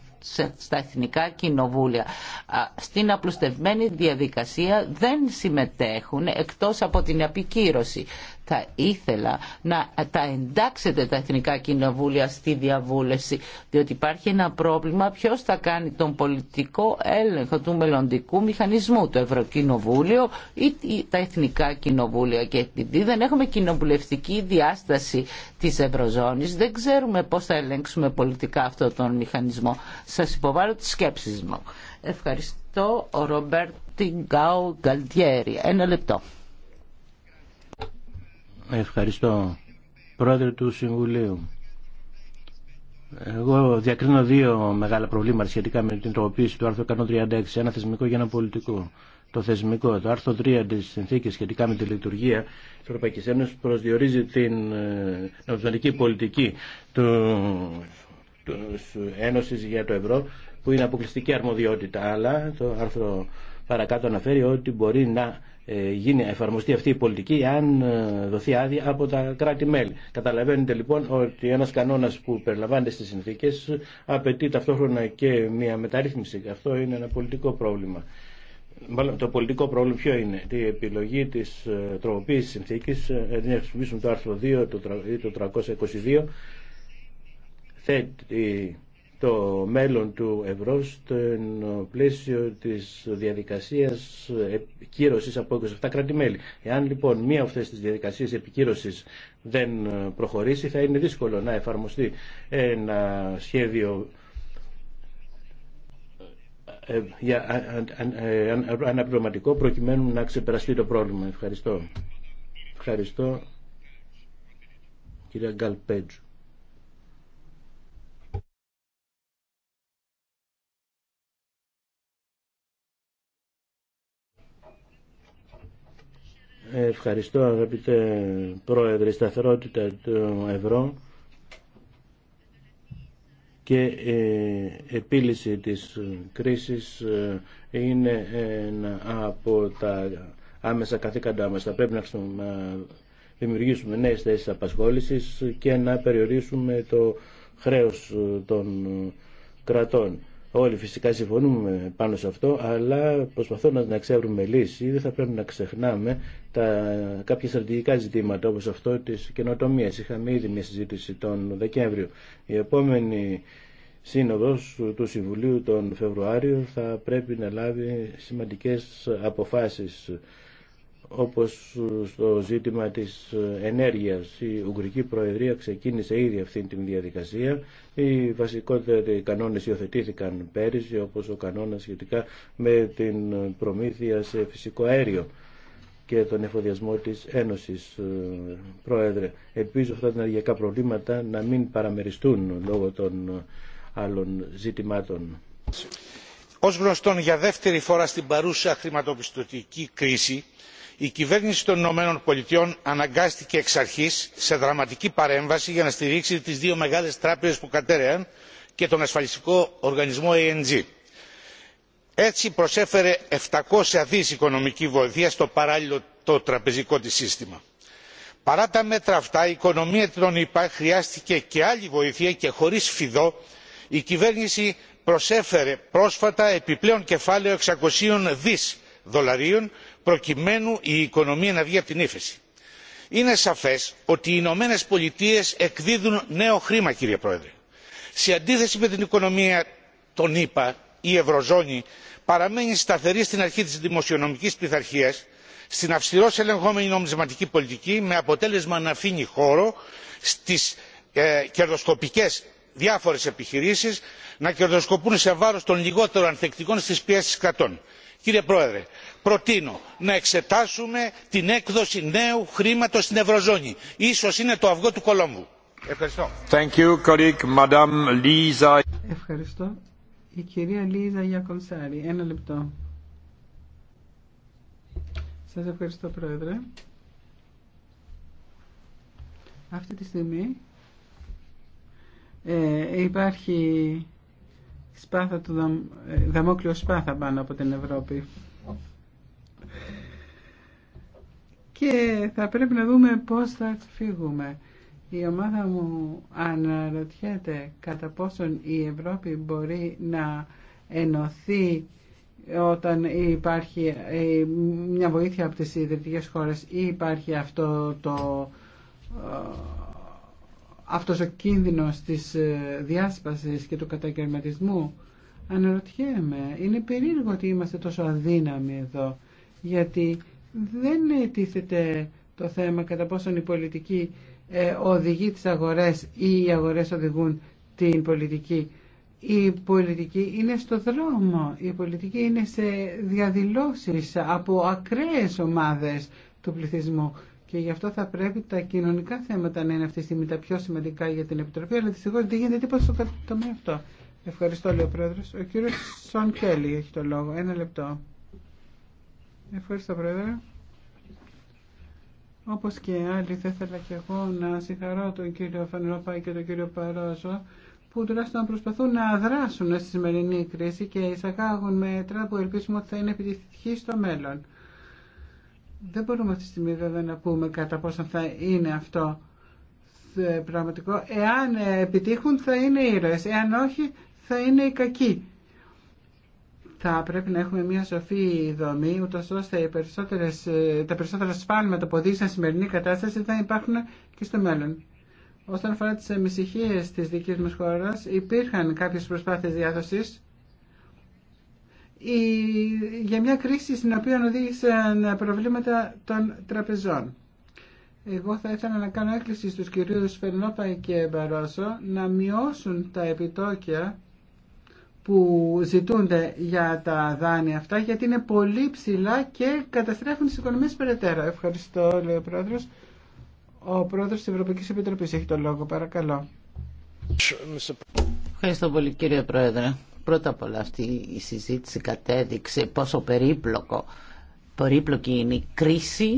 στα εθνικά κοινοβούλια. Στην απλουστευμένη διαδικασία δεν συμμετέχουν εκτός από την επικύρωση. Θα ήθελα να τα εντάξετε τα εθνικά κοινοβούλια στη διαβούλευση, διότι υπάρχει ένα πρόβλημα ποιο θα κάνει τον πολιτικό έλεγχο του μελλοντικού μηχανισμού, το Ευρωκοινοβούλιο ή τα εθνικά κοινοβούλια. Και επειδή δεν έχουμε κοινοβουλευτική διάσταση της Ευρωζώνης, δεν ξέρουμε πώς θα ελέγξουμε πολιτικά αυτό τον μηχανισμό. Σας υποβάλλω τι σκέψει μου. Ευχαριστώ ο Ρομπέρτι Γκάου Γκαλτιέρη. Ένα λεπτό. Ευχαριστώ. Πρόεδρε του Συμβουλίου. Εγώ διακρίνω δύο μεγάλα προβλήματα σχετικά με την τροποποίηση του άρθρου 136, ένα θεσμικό και ένα πολιτικό. Το θεσμικό, το άρθρο 3 τη συνθήκη σχετικά με τη λειτουργία τη Ευρωπαϊκή Ένωση προσδιορίζει την ε, νομισματική πολιτική του, Ένωση για το ευρώ, που είναι αποκλειστική αρμοδιότητα. Αλλά το άρθρο παρακάτω αναφέρει ότι μπορεί να ε, γίνει, εφαρμοστεί αυτή η πολιτική αν ε, δοθεί άδεια από τα κράτη-μέλη. Καταλαβαίνετε λοιπόν ότι ένας κανόνας που περιλαμβάνεται στις συνθήκες απαιτεί ταυτόχρονα και μια μεταρρύθμιση. Αυτό είναι ένα πολιτικό πρόβλημα. Το πολιτικό πρόβλημα ποιο είναι, η επιλογή της ε, τροποποίησης συνθήκης, δηλαδή να χρησιμοποιήσουμε το άρθρο 2 ή το 322, θέτει το μέλλον του ευρώ στο πλαίσιο της διαδικασίας επικύρωσης από 27 κράτη-μέλη. Εάν λοιπόν μία από αυτές τις διαδικασίες επικύρωσης δεν προχωρήσει θα είναι δύσκολο να εφαρμοστεί ένα σχέδιο ε, για ε, ε, αναπληρωματικό προκειμένου να ξεπεραστεί το πρόβλημα. Ευχαριστώ. Ευχαριστώ. Κυρία Γκαλπέτζου. Ευχαριστώ αγαπητέ Πρόεδρε. Η σταθερότητα του ευρώ και η ε, επίλυση της κρίσης ε, είναι ένα από τα άμεσα καθήκοντά μας. Θα πρέπει να δημιουργήσουμε νέες θέσεις απασχόλησης και να περιορίσουμε το χρέος των κρατών. Όλοι φυσικά συμφωνούμε πάνω σε αυτό, αλλά προσπαθώντας να ξέρουμε λύση, δεν θα πρέπει να ξεχνάμε τα, κάποια στρατηγικά ζητήματα όπως αυτό της καινοτομία. Είχαμε ήδη μια συζήτηση τον Δεκέμβριο. Η επόμενη σύνοδος του Συμβουλίου τον Φεβρουάριο θα πρέπει να λάβει σημαντικές αποφάσεις όπως στο ζήτημα της ενέργειας. Η Ουγγρική Προεδρία ξεκίνησε ήδη αυτή την διαδικασία. Οι βασικότεροι κανόνες υιοθετήθηκαν πέρυσι, όπως ο κανόνας σχετικά με την προμήθεια σε φυσικό αέριο και τον εφοδιασμό της Ένωσης, Πρόεδρε. Ελπίζω αυτά τα ενεργειακά προβλήματα να μην παραμεριστούν λόγω των άλλων ζητημάτων. Ως γνωστόν για δεύτερη φορά στην παρούσα χρηματοπιστωτική κρίση η κυβέρνηση των ηνωμένων πολιτειών αναγκάστηκε εξ αρχής σε δραματική παρέμβαση για να στηρίξει τις δύο μεγάλες τράπεζες που κατέρεαν και τον ασφαλιστικό οργανισμό ang. έτσι προσέφερε 700 δις οικονομική βοήθεια στο παράλληλο το τραπεζικό της σύστημα. παρά τα μέτρα αυτά η οικονομία των ηπα χρειάστηκε και άλλη βοήθεια και χωρίς φιδό η κυβέρνηση προσέφερε πρόσφατα επιπλέον κεφάλαιο 600 δις δολαρίων προκειμένου η οικονομία να βγει από την ύφεση. είναι σαφέ ότι οι ηνωμένε πολιτείε εκδίδουν νέο χρήμα κύριε πρόεδρε. σε αντίθεση με την οικονομία των ηπα η ευρωζώνη παραμένει σταθερή στην αρχή τη δημοσιονομική πειθαρχία, στην αυστηρώ ελεγχόμενη νομισματική πολιτική με αποτέλεσμα να αφήνει χώρο στι ε, κερδοσκοπικές διάφορες επιχειρήσεις να κερδοσκοπούν σε βάρο των λιγότερο ανθεκτικών στι πιέσει κρατών κύριε πρόεδρε προτείνω να εξετάσουμε την έκδοση νέου χρήματος στην ευρωζώνη. ίσως είναι το αυγό του κολόμβου. ευχαριστώ. ευχαριστώ. Η κυρία Λίζα Γιακονσάρη. Ένα λεπτό. Σας ευχαριστώ πρόεδρε. Αυτή τη στιγμή ε, υπάρχει σπάθα του ε, δαμόκλειο σπάθα πάνω από την Ευρώπη. Και θα πρέπει να δούμε πώς θα φύγουμε. Η ομάδα μου αναρωτιέται κατά πόσον η Ευρώπη μπορεί να ενωθεί όταν υπάρχει ε, μια βοήθεια από τις ιδρυτικές χώρες ή υπάρχει αυτό το ε, αυτός ο κίνδυνος της ε, διάσπασης και του καταγερματισμού. Αναρωτιέμαι, είναι περίεργο ότι είμαστε τόσο αδύναμοι εδώ, γιατί δεν τίθεται το θέμα κατά πόσον η πολιτική ε, οδηγεί τις αγορές ή οι αγορές οδηγούν την πολιτική. Η πολιτική είναι στο δρόμο, η πολιτική είναι σε διαδηλώσεις από ακραίες ομάδες του πληθυσμού. Και γι' αυτό θα πρέπει τα κοινωνικά θέματα να είναι αυτή τη στιγμή τα πιο σημαντικά για την Επιτροπή, αλλά δυστυχώ δεν γίνεται τίποτα στο τομέα αυτό. Ευχαριστώ, λέει ο Πρόεδρο. Ο κύριο Σον Κέλλη έχει το λόγο. Ένα λεπτό. Ευχαριστώ, Πρόεδρε. Όπω και άλλοι, θα ήθελα και εγώ να συγχαρώ τον κύριο Φανερόπα και τον κύριο Παρόζο που τουλάχιστον προσπαθούν να δράσουν στη σημερινή κρίση και εισαγάγουν μέτρα που ελπίζουμε ότι θα είναι επιτυχή στο μέλλον. Δεν μπορούμε αυτή τη στιγμή βέβαια να πούμε κατά πόσο θα είναι αυτό ε, πραγματικό. Εάν ε, επιτύχουν θα είναι ήρωες, εάν όχι θα είναι οι κακοί. Θα πρέπει να έχουμε μια σοφή δομή, ούτως ώστε ε, τα περισσότερα σφάλματα που οδήγησαν στη σημερινή κατάσταση θα υπάρχουν και στο μέλλον. Όσον αφορά τις ανησυχίε της δικής μας χώρας, υπήρχαν κάποιες προσπάθειες διάδοσης για μια κρίση στην οποία οδήγησαν προβλήματα των τραπεζών. Εγώ θα ήθελα να κάνω έκκληση στους κυρίους Φερνόπα και Μπαρόσο να μειώσουν τα επιτόκια που ζητούνται για τα δάνεια αυτά γιατί είναι πολύ ψηλά και καταστρέφουν τις οικονομίες περαιτέρω. Ευχαριστώ, λέει ο Πρόεδρος. Ο Πρόεδρος της Ευρωπαϊκής Επιτροπής έχει το λόγο. Παρακαλώ. Ευχαριστώ πολύ, κύριε Πρόεδρε. Πρώτα απ' όλα αυτή η συζήτηση κατέδειξε πόσο περίπλοκο, περίπλοκη είναι η κρίση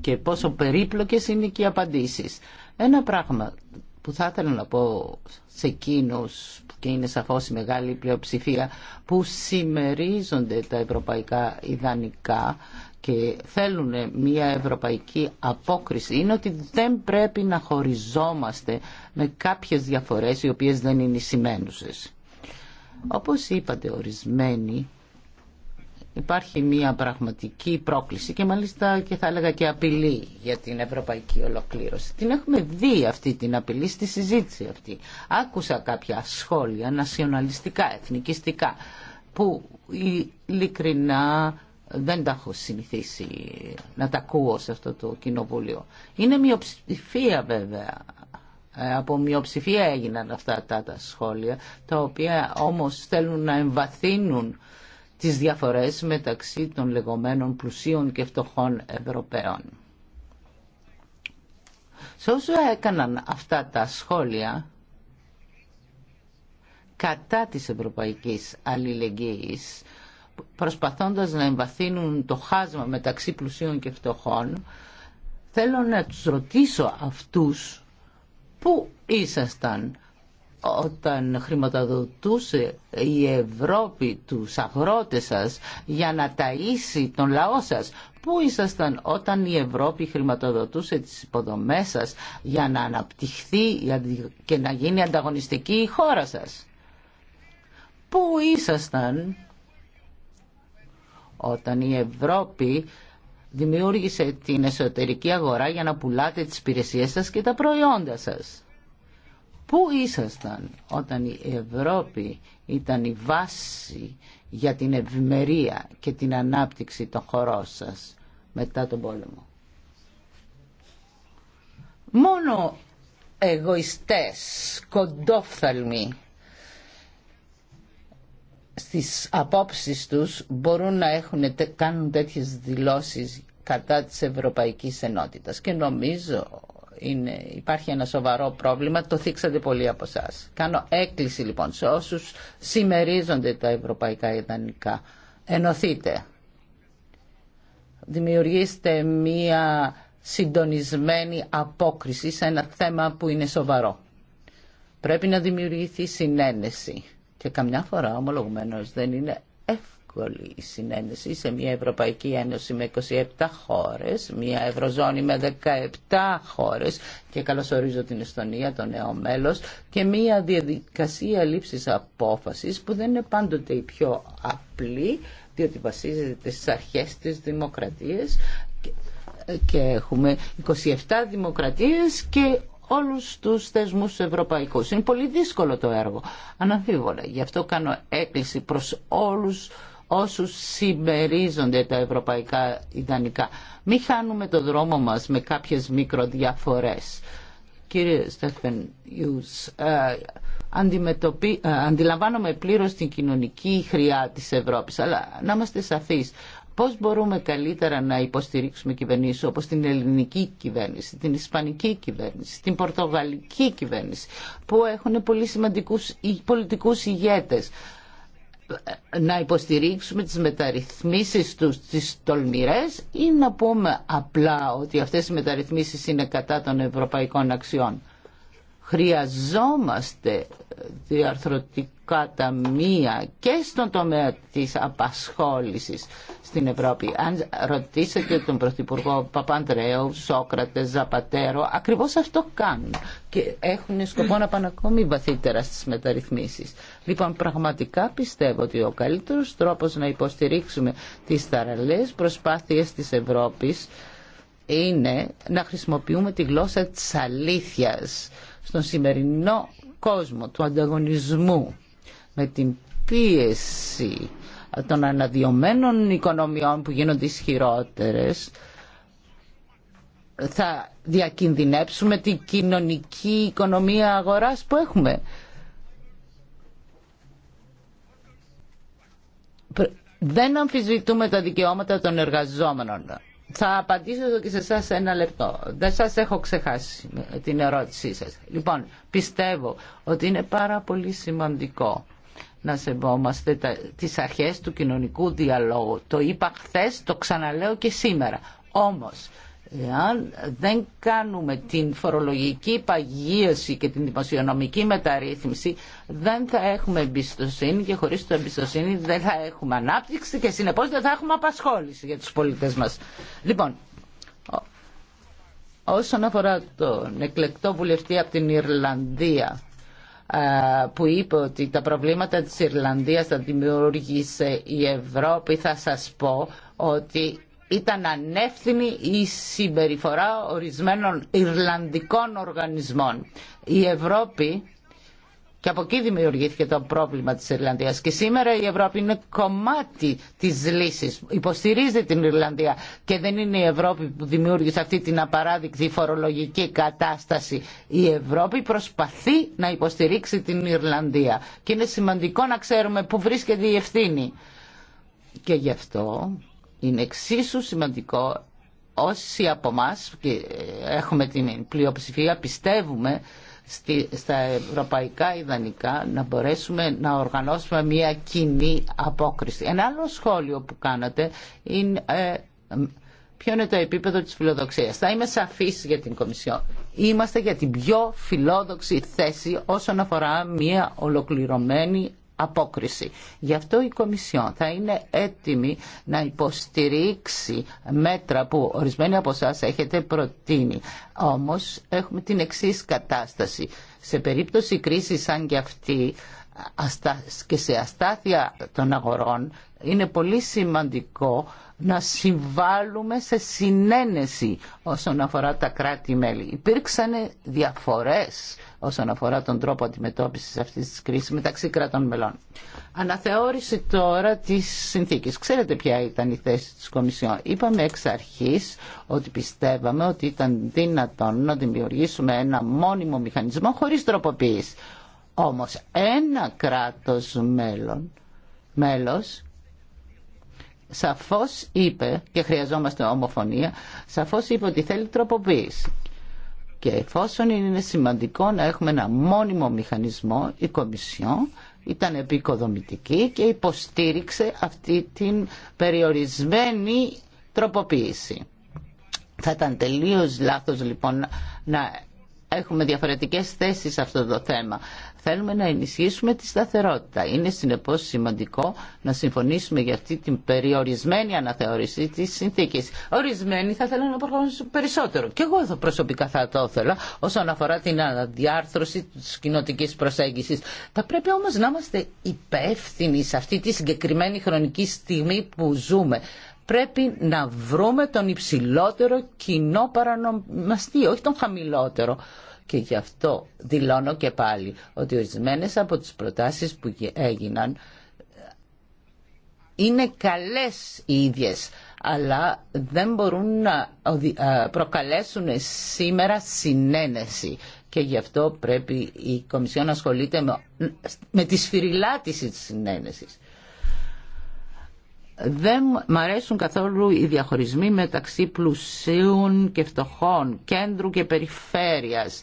και πόσο περίπλοκες είναι και οι απαντήσεις. Ένα πράγμα που θα ήθελα να πω σε εκείνους και είναι σαφώς η μεγάλη πλειοψηφία που συμμερίζονται τα ευρωπαϊκά ιδανικά και θέλουν μια ευρωπαϊκή απόκριση είναι ότι δεν πρέπει να χωριζόμαστε με κάποιες διαφορές οι οποίες δεν είναι σημαίνουσες. Όπως είπατε ορισμένοι, υπάρχει μια πραγματική πρόκληση και μάλιστα και θα έλεγα και απειλή για την ευρωπαϊκή ολοκλήρωση. Την έχουμε δει αυτή την απειλή στη συζήτηση αυτή. Άκουσα κάποια σχόλια νασιοναλιστικά, εθνικιστικά, που ειλικρινά δεν τα έχω συνηθίσει να τα ακούω σε αυτό το κοινοβούλιο. Είναι μειοψηφία βέβαια ε, από μειοψηφία έγιναν αυτά τα, σχόλια, τα οποία όμως θέλουν να εμβαθύνουν τις διαφορές μεταξύ των λεγόμενων πλουσίων και φτωχών Ευρωπαίων. Σε όσο έκαναν αυτά τα σχόλια κατά της ευρωπαϊκής αλληλεγγύης, προσπαθώντας να εμβαθύνουν το χάσμα μεταξύ πλουσίων και φτωχών, θέλω να τους ρωτήσω αυτούς Πού ήσασταν όταν χρηματοδοτούσε η Ευρώπη τους αγρότες σας για να ταΐσει τον λαό σας. Πού ήσασταν όταν η Ευρώπη χρηματοδοτούσε τις υποδομές σας για να αναπτυχθεί και να γίνει ανταγωνιστική η χώρα σας. Πού ήσασταν όταν η Ευρώπη δημιούργησε την εσωτερική αγορά για να πουλάτε τις υπηρεσίες σας και τα προϊόντα σας. Πού ήσασταν όταν η Ευρώπη ήταν η βάση για την ευημερία και την ανάπτυξη των χωρών σας μετά τον πόλεμο. Μόνο εγωιστές, κοντόφθαλμοι στις απόψεις τους μπορούν να έχουν, κάνουν τέτοιες δηλώσεις κατά της Ευρωπαϊκής Ενότητας και νομίζω είναι, υπάρχει ένα σοβαρό πρόβλημα, το θίξατε πολύ από εσά. Κάνω έκκληση λοιπόν σε όσους συμμερίζονται τα ευρωπαϊκά ιδανικά. Ενωθείτε. Δημιουργήστε μία συντονισμένη απόκριση σε ένα θέμα που είναι σοβαρό. Πρέπει να δημιουργηθεί συνένεση και καμιά φορά ομολογουμένως δεν είναι εύκολη η συνένεση σε μια Ευρωπαϊκή Ένωση με 27 χώρες, μια Ευρωζώνη με 17 χώρες και καλωσορίζω την Εστονία, το νέο μέλος και μια διαδικασία λήψης απόφασης που δεν είναι πάντοτε η πιο απλή διότι βασίζεται στις αρχές της δημοκρατίας και ε, έχουμε 27 δημοκρατίες και όλους τους θεσμούς ευρωπαϊκούς. Είναι πολύ δύσκολο το έργο, αναμφίβολα. Γι' αυτό κάνω έκκληση προς όλους όσους συμμερίζονται τα ευρωπαϊκά ιδανικά. Μην χάνουμε το δρόμο μας με κάποιες μικροδιαφορές. Κύριε Στέφεν Ιούς, ε, ε, αντιλαμβάνομαι πλήρως την κοινωνική χρειά της Ευρώπης, αλλά να είμαστε σαφείς. Πώς μπορούμε καλύτερα να υποστηρίξουμε κυβερνήσεις όπως την ελληνική κυβέρνηση, την ισπανική κυβέρνηση, την πορτογαλική κυβέρνηση που έχουν πολύ σημαντικούς πολιτικούς ηγέτες να υποστηρίξουμε τις μεταρρυθμίσεις τους τις τολμηρές ή να πούμε απλά ότι αυτές οι μεταρρυθμίσεις είναι κατά των ευρωπαϊκών αξιών. Χρειαζόμαστε ε, διαρθρωτικ κατά μία και στον τομέα της απασχόλησης στην Ευρώπη. Αν ρωτήσετε τον Πρωθυπουργό Παπανδρέου, Σόκρατε, Ζαπατέρο, ακριβώς αυτό κάνουν και έχουν σκοπό να πάνε ακόμη βαθύτερα στις μεταρρυθμίσεις. Λοιπόν, πραγματικά πιστεύω ότι ο καλύτερος τρόπος να υποστηρίξουμε τις θαραλές προσπάθειες της Ευρώπης είναι να χρησιμοποιούμε τη γλώσσα της αλήθειας στον σημερινό κόσμο του ανταγωνισμού με την πίεση των αναδειωμένων οικονομιών που γίνονται ισχυρότερες θα διακινδυνέψουμε την κοινωνική οικονομία αγοράς που έχουμε. Δεν αμφισβητούμε τα δικαιώματα των εργαζόμενων. Θα απαντήσω εδώ και σε εσά ένα λεπτό. Δεν σας έχω ξεχάσει την ερώτησή σας. Λοιπόν, πιστεύω ότι είναι πάρα πολύ σημαντικό να σεβόμαστε τα, τις αρχές του κοινωνικού διαλόγου. Το είπα χθε, το ξαναλέω και σήμερα. Όμως, εάν δεν κάνουμε την φορολογική παγίωση και την δημοσιονομική μεταρρύθμιση, δεν θα έχουμε εμπιστοσύνη και χωρίς το εμπιστοσύνη δεν θα έχουμε ανάπτυξη και συνεπώς δεν θα έχουμε απασχόληση για τους πολίτες μας. Λοιπόν, όσον αφορά τον εκλεκτό βουλευτή από την Ιρλανδία, που είπε ότι τα προβλήματα της Ιρλανδίας θα δημιούργησε η Ευρώπη θα σας πω ότι ήταν ανεύθυνη η συμπεριφορά ορισμένων Ιρλανδικών οργανισμών. Η Ευρώπη και από εκεί δημιουργήθηκε το πρόβλημα της Ιρλανδίας. Και σήμερα η Ευρώπη είναι κομμάτι της λύσης. Υποστηρίζει την Ιρλανδία και δεν είναι η Ευρώπη που δημιούργησε αυτή την απαράδεικτη φορολογική κατάσταση. Η Ευρώπη προσπαθεί να υποστηρίξει την Ιρλανδία. Και είναι σημαντικό να ξέρουμε πού βρίσκεται η ευθύνη. Και γι' αυτό είναι εξίσου σημαντικό όσοι από εμά και έχουμε την πλειοψηφία πιστεύουμε στα ευρωπαϊκά ιδανικά να μπορέσουμε να οργανώσουμε μια κοινή απόκριση. Ένα άλλο σχόλιο που κάνατε είναι ε, ποιο είναι το επίπεδο της φιλοδοξίας. Θα είμαι σαφής για την Κομισιόν. Είμαστε για την πιο φιλόδοξη θέση όσον αφορά μια ολοκληρωμένη απόκριση. Γι' αυτό η Κομισιόν θα είναι έτοιμη να υποστηρίξει μέτρα που ορισμένοι από εσά έχετε προτείνει. Όμως έχουμε την εξής κατάσταση. Σε περίπτωση κρίσης σαν και αυτή και σε αστάθεια των αγορών είναι πολύ σημαντικό να συμβάλλουμε σε συνένεση όσον αφορά τα κράτη-μέλη. Υπήρξαν διαφορές όσον αφορά τον τρόπο αντιμετώπισης αυτής της κρίσης μεταξύ κρατών μελών. Αναθεώρηση τώρα της συνθήκης. Ξέρετε ποια ήταν η θέση της Κομισιόν. Είπαμε εξ αρχής ότι πιστεύαμε ότι ήταν δυνατόν να δημιουργήσουμε ένα μόνιμο μηχανισμό χωρίς τροποποίηση. Όμως ένα κράτος μέλων, μέλος σαφώς είπε και χρειαζόμαστε ομοφωνία σαφώς είπε ότι θέλει τροποποίηση και εφόσον είναι σημαντικό να έχουμε ένα μόνιμο μηχανισμό η Κομισιόν ήταν επικοδομητική και υποστήριξε αυτή την περιορισμένη τροποποίηση. Θα ήταν τελείως λάθος λοιπόν να έχουμε διαφορετικές θέσεις σε αυτό το θέμα. Θέλουμε να ενισχύσουμε τη σταθερότητα. Είναι συνεπώς σημαντικό να συμφωνήσουμε για αυτή την περιορισμένη αναθεώρηση της συνθήκης. Ορισμένοι θα θέλουν να προχωρήσουν περισσότερο. Και εγώ θα προσωπικά θα το ήθελα όσον αφορά την αναδιάρθρωση της κοινοτικής προσέγγισης. Θα πρέπει όμως να είμαστε υπεύθυνοι σε αυτή τη συγκεκριμένη χρονική στιγμή που ζούμε πρέπει να βρούμε τον υψηλότερο κοινό παρανομαστή, όχι τον χαμηλότερο. Και γι' αυτό δηλώνω και πάλι ότι ορισμένε από τις προτάσεις που έγιναν ε, είναι καλές οι ίδιες, αλλά δεν μπορούν να ε, προκαλέσουν σήμερα συνένεση. Και γι' αυτό πρέπει η Κομισιόν να ασχολείται με τη σφυριλάτηση της συνένεσης δεν μ' αρέσουν καθόλου οι διαχωρισμοί μεταξύ πλουσίων και φτωχών, κέντρου και περιφέρειας.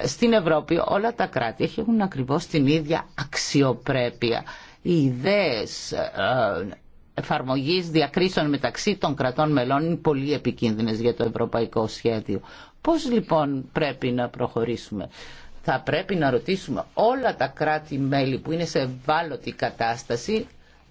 Ε, στην Ευρώπη όλα τα κράτη έχουν ακριβώς την ίδια αξιοπρέπεια. Οι ιδέες ε, εφαρμογής διακρίσεων μεταξύ των κρατών μελών είναι πολύ επικίνδυνες για το ευρωπαϊκό σχέδιο. Πώς λοιπόν πρέπει να προχωρήσουμε θα πρέπει να ρωτήσουμε όλα τα κράτη-μέλη που είναι σε ευάλωτη κατάσταση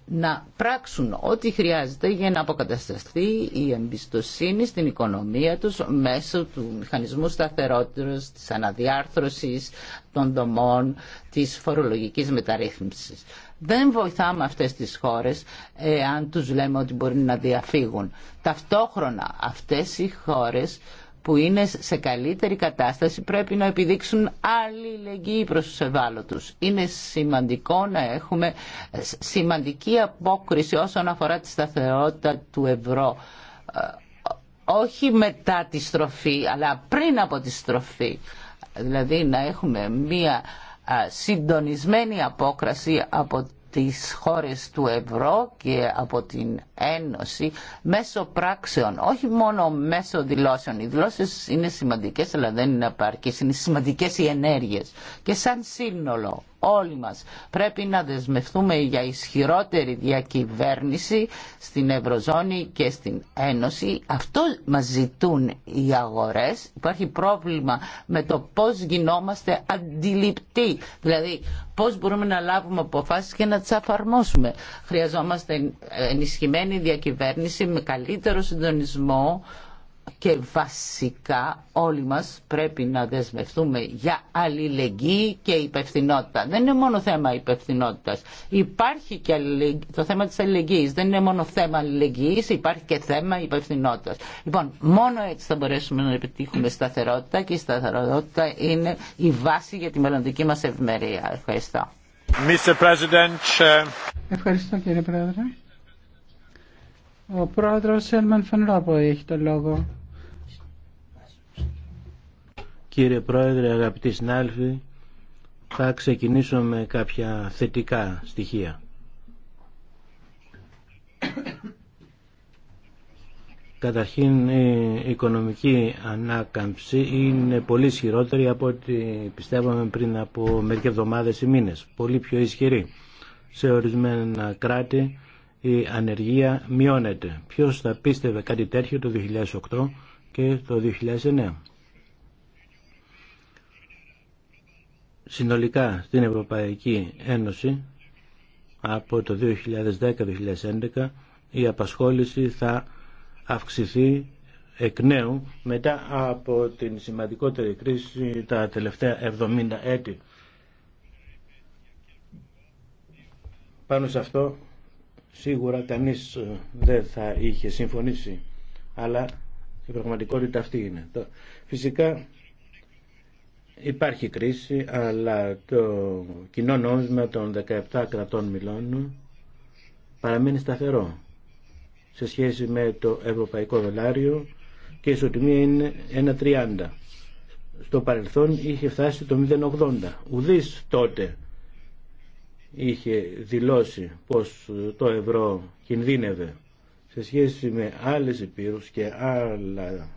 να πράξουν ό,τι χρειάζεται για να αποκατασταθεί η εμπιστοσύνη στην οικονομία τους μέσω του μηχανισμού σταθερότητας, της αναδιάρθρωσης των δομών, της φορολογικής μεταρρύθμισης. Δεν βοηθάμε αυτές τις χώρες αν τους λέμε ότι μπορεί να διαφύγουν. Ταυτόχρονα αυτές οι χώρες που είναι σε καλύτερη κατάσταση πρέπει να επιδείξουν αλληλεγγύη προς τους ευάλωτους. Είναι σημαντικό να έχουμε σημαντική απόκριση όσον αφορά τη σταθερότητα του ευρώ. Ε, όχι μετά τη στροφή, αλλά πριν από τη στροφή. Δηλαδή να έχουμε μία ε, συντονισμένη απόκραση από τις χώρες του ευρώ και από την Ένωση μέσω πράξεων, όχι μόνο μέσω δηλώσεων. Οι δηλώσεις είναι σημαντικές αλλά δεν είναι απαρκείς, είναι σημαντικές οι ενέργειες και σαν σύνολο όλοι μας. Πρέπει να δεσμευτούμε για ισχυρότερη διακυβέρνηση στην Ευρωζώνη και στην Ένωση. Αυτό μας ζητούν οι αγορές. Υπάρχει πρόβλημα με το πώς γινόμαστε αντιληπτοί. Δηλαδή πώς μπορούμε να λάβουμε αποφάσεις και να τις αφαρμόσουμε. Χρειαζόμαστε ενισχυμένη διακυβέρνηση με καλύτερο συντονισμό και βασικά όλοι μας πρέπει να δεσμευτούμε για αλληλεγγύη και υπευθυνότητα. Δεν είναι μόνο θέμα υπευθυνότητας. Υπάρχει και το θέμα της αλληλεγγύης. Δεν είναι μόνο θέμα αλληλεγγύης, υπάρχει και θέμα υπευθυνότητας. Λοιπόν, μόνο έτσι θα μπορέσουμε να επιτύχουμε σταθερότητα και η σταθερότητα είναι η βάση για τη μελλοντική μας ευμερία. Ευχαριστώ. Uh, Ευχαριστώ κύριε Πρόεδρε. Ο πρόεδρος Σέλμαν Φανρόπο έχει το λόγο. Κύριε Πρόεδρε, αγαπητοί συνάλφοι, θα ξεκινήσω με κάποια θετικά στοιχεία. Καταρχήν η οικονομική ανάκαμψη είναι πολύ ισχυρότερη από ό,τι πιστεύαμε πριν από μερικές εβδομάδες ή μήνες. Πολύ πιο ισχυρή. Σε ορισμένα κράτη η ανεργία μειώνεται. Ποιος θα πίστευε κάτι τέτοιο το 2008 και το 2009. Συνολικά στην Ευρωπαϊκή Ένωση από το 2010-2011 η απασχόληση θα αυξηθεί εκ νέου μετά από την σημαντικότερη κρίση τα τελευταία 70 έτη. Πάνω σε αυτό σίγουρα κανείς ε, δεν θα είχε συμφωνήσει αλλά η πραγματικότητα αυτή είναι φυσικά υπάρχει κρίση αλλά το κοινό νόμισμα των 17 κρατών μιλών παραμένει σταθερό σε σχέση με το ευρωπαϊκό δολάριο και η ισοτιμία είναι 1,30 στο παρελθόν είχε φτάσει το 0,80 ουδής τότε είχε δηλώσει πως το ευρώ κινδύνευε σε σχέση με άλλες επίρους και άλλα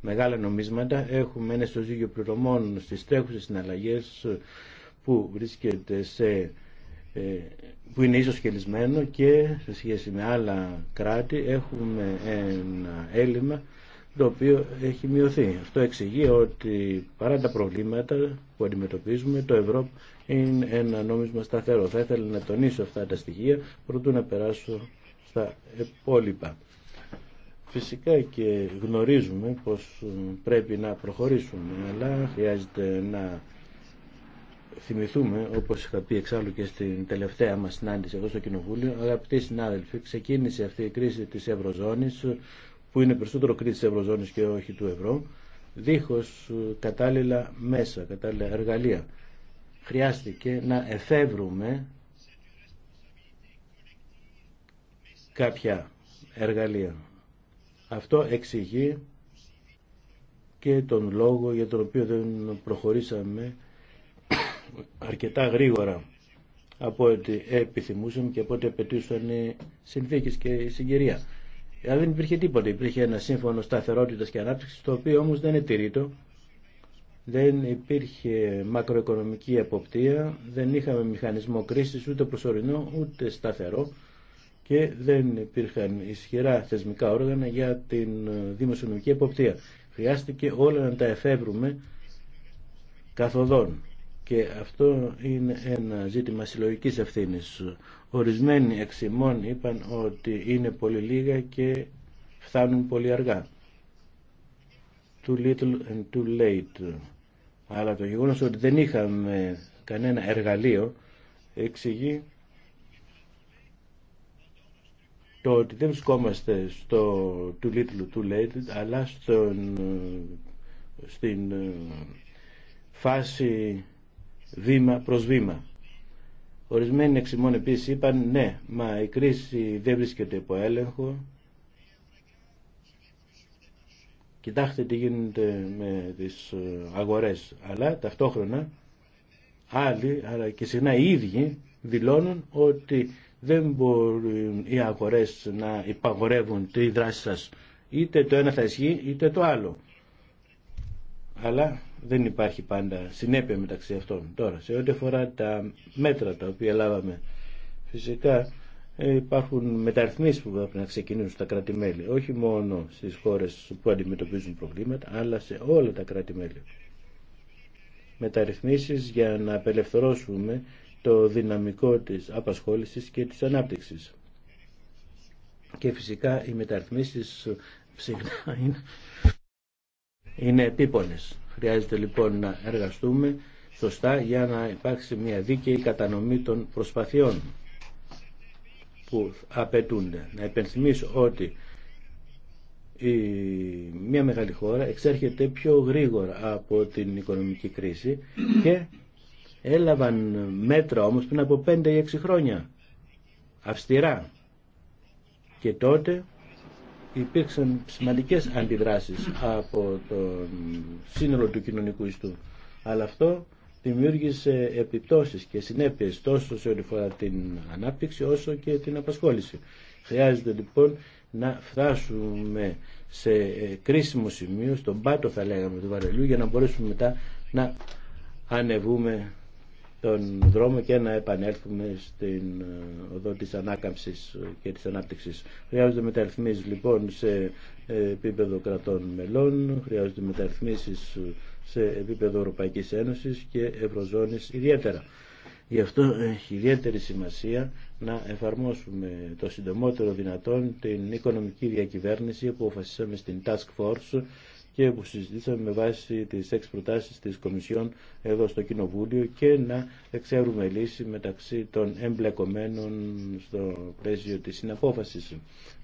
μεγάλα νομίσματα έχουμε ένα ισοζύγιο πληρωμών στις τρέχουσες συναλλαγές που βρίσκεται σε ε, που είναι ίσως και σε σχέση με άλλα κράτη έχουμε ένα έλλειμμα το οποίο έχει μειωθεί. Αυτό εξηγεί ότι παρά τα προβλήματα που αντιμετωπίζουμε, το Ευρώπη είναι ένα νόμισμα σταθερό. Θα ήθελα να τονίσω αυτά τα στοιχεία προτού να περάσω στα υπόλοιπα. Φυσικά και γνωρίζουμε πως πρέπει να προχωρήσουμε, αλλά χρειάζεται να θυμηθούμε, όπως είχα πει εξάλλου και στην τελευταία μας συνάντηση εδώ στο Κοινοβούλιο, αγαπητοί συνάδελφοι, ξεκίνησε αυτή η κρίση της Ευρωζώνης που είναι περισσότερο κρίτη της Ευρωζώνης και όχι του ευρώ, δίχως ε, κατάλληλα μέσα, κατάλληλα εργαλεία. Χρειάστηκε να εφεύρουμε κάποια εργαλεία. Αυτό εξηγεί και τον λόγο για τον οποίο δεν προχωρήσαμε αρκετά γρήγορα από ό,τι επιθυμούσαμε και από ό,τι απαιτούσαν οι συνθήκες και η συγκυρία αλλά δεν υπήρχε τίποτα. Υπήρχε ένα σύμφωνο σταθερότητα και ανάπτυξη, το οποίο όμως δεν ετηρείτο. Δεν υπήρχε μακροοικονομική εποπτεία, δεν είχαμε μηχανισμό κρίσης ούτε προσωρινό ούτε σταθερό και δεν υπήρχαν ισχυρά θεσμικά όργανα για την δημοσιονομική εποπτεία. Χρειάστηκε όλα να τα εφεύρουμε καθοδόν. Και αυτό είναι ένα ζήτημα συλλογική ευθύνη Ορισμένοι ημών είπαν ότι είναι πολύ λίγα και φτάνουν πολύ αργά. Too little and too late. Αλλά το γεγονός ότι δεν είχαμε κανένα εργαλείο εξηγεί το ότι δεν βρισκόμαστε στο too little too late αλλά στον, στην ε, φάση βήμα προς βήμα. Ορισμένοι εξημών επίσης είπαν ναι, μα η κρίση δεν βρίσκεται υπό έλεγχο. Κοιτάξτε τι γίνεται με τις ε, αγορές. Αλλά ταυτόχρονα άλλοι, αλλά και συχνά οι ίδιοι δηλώνουν ότι δεν μπορούν οι αγορές να υπαγορεύουν τη δράση σας. Είτε το ένα θα ισχύει είτε το άλλο. Αλλά δεν υπάρχει πάντα συνέπεια μεταξύ αυτών. Τώρα, σε ό,τι αφορά τα μέτρα τα οποία λάβαμε, φυσικά ε, υπάρχουν μεταρρυθμίσεις που πρέπει να ξεκινήσουν στα κράτη-μέλη, όχι μόνο στις χώρες που αντιμετωπίζουν προβλήματα, αλλά σε όλα τα κράτη-μέλη. Μεταρρυθμίσεις για να απελευθερώσουμε το δυναμικό της απασχόλησης και της ανάπτυξης. Και φυσικά οι μεταρρυθμίσεις ψηλά είναι, είναι επίπονες Χρειάζεται λοιπόν να εργαστούμε σωστά για να υπάρξει μια δίκαιη κατανομή των προσπαθειών που απαιτούνται. Να υπενθυμίσω ότι η, μια μεγάλη χώρα εξέρχεται πιο γρήγορα από την οικονομική κρίση και έλαβαν μέτρα όμως πριν από 5 ή 6 χρόνια αυστηρά και τότε υπήρξαν σημαντικές αντιδράσεις από το σύνολο του κοινωνικού ιστού. Αλλά αυτό δημιούργησε επιπτώσεις και συνέπειες τόσο σε ό,τι φορά την ανάπτυξη όσο και την απασχόληση. Χρειάζεται λοιπόν να φτάσουμε σε κρίσιμο σημείο, στον πάτο θα λέγαμε του βαρελιού, για να μπορέσουμε μετά να ανεβούμε τον δρόμο και να επανέλθουμε στην ε, οδό της ανάκαμψης και της ανάπτυξης. Χρειάζονται μεταρρυθμίσεις λοιπόν σε ε, επίπεδο κρατών μελών, χρειάζονται μεταρρυθμίσεις ε, σε επίπεδο Ευρωπαϊκής Ένωσης και Ευρωζώνης ιδιαίτερα. Γι' αυτό έχει ιδιαίτερη σημασία να εφαρμόσουμε το συντομότερο δυνατόν την οικονομική διακυβέρνηση που αποφασίσαμε στην Task Force και που συζητήσαμε με βάση τις έξι προτάσεις της Κομισιόν εδώ στο Κοινοβούλιο και να εξεύρουμε λύση μεταξύ των εμπλεκομένων στο πλαίσιο της συναπόφασης.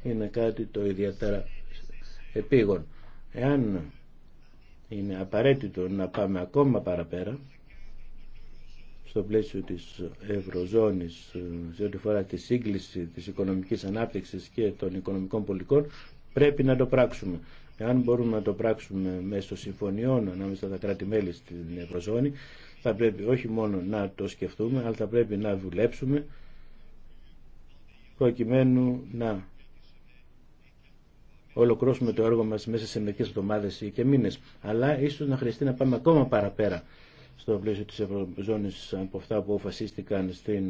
Είναι κάτι το ιδιαίτερα επίγον. Εάν είναι απαραίτητο να πάμε ακόμα παραπέρα, στο πλαίσιο της Ευρωζώνης σε ό,τι φορά τη σύγκληση της οικονομικής ανάπτυξης και των οικονομικών πολιτικών πρέπει να το πράξουμε. Εάν μπορούμε να το πράξουμε μέσω συμφωνιών ανάμεσα στα κράτη-μέλη στην Ευρωζώνη, θα πρέπει όχι μόνο να το σκεφτούμε, αλλά θα πρέπει να δουλέψουμε προκειμένου να ολοκληρώσουμε το έργο μας μέσα σε μερικές εβδομάδες ή και μήνες. Αλλά ίσως να χρειαστεί να πάμε ακόμα παραπέρα στο πλαίσιο της Ευρωζώνης από αυτά που αποφασίστηκαν στην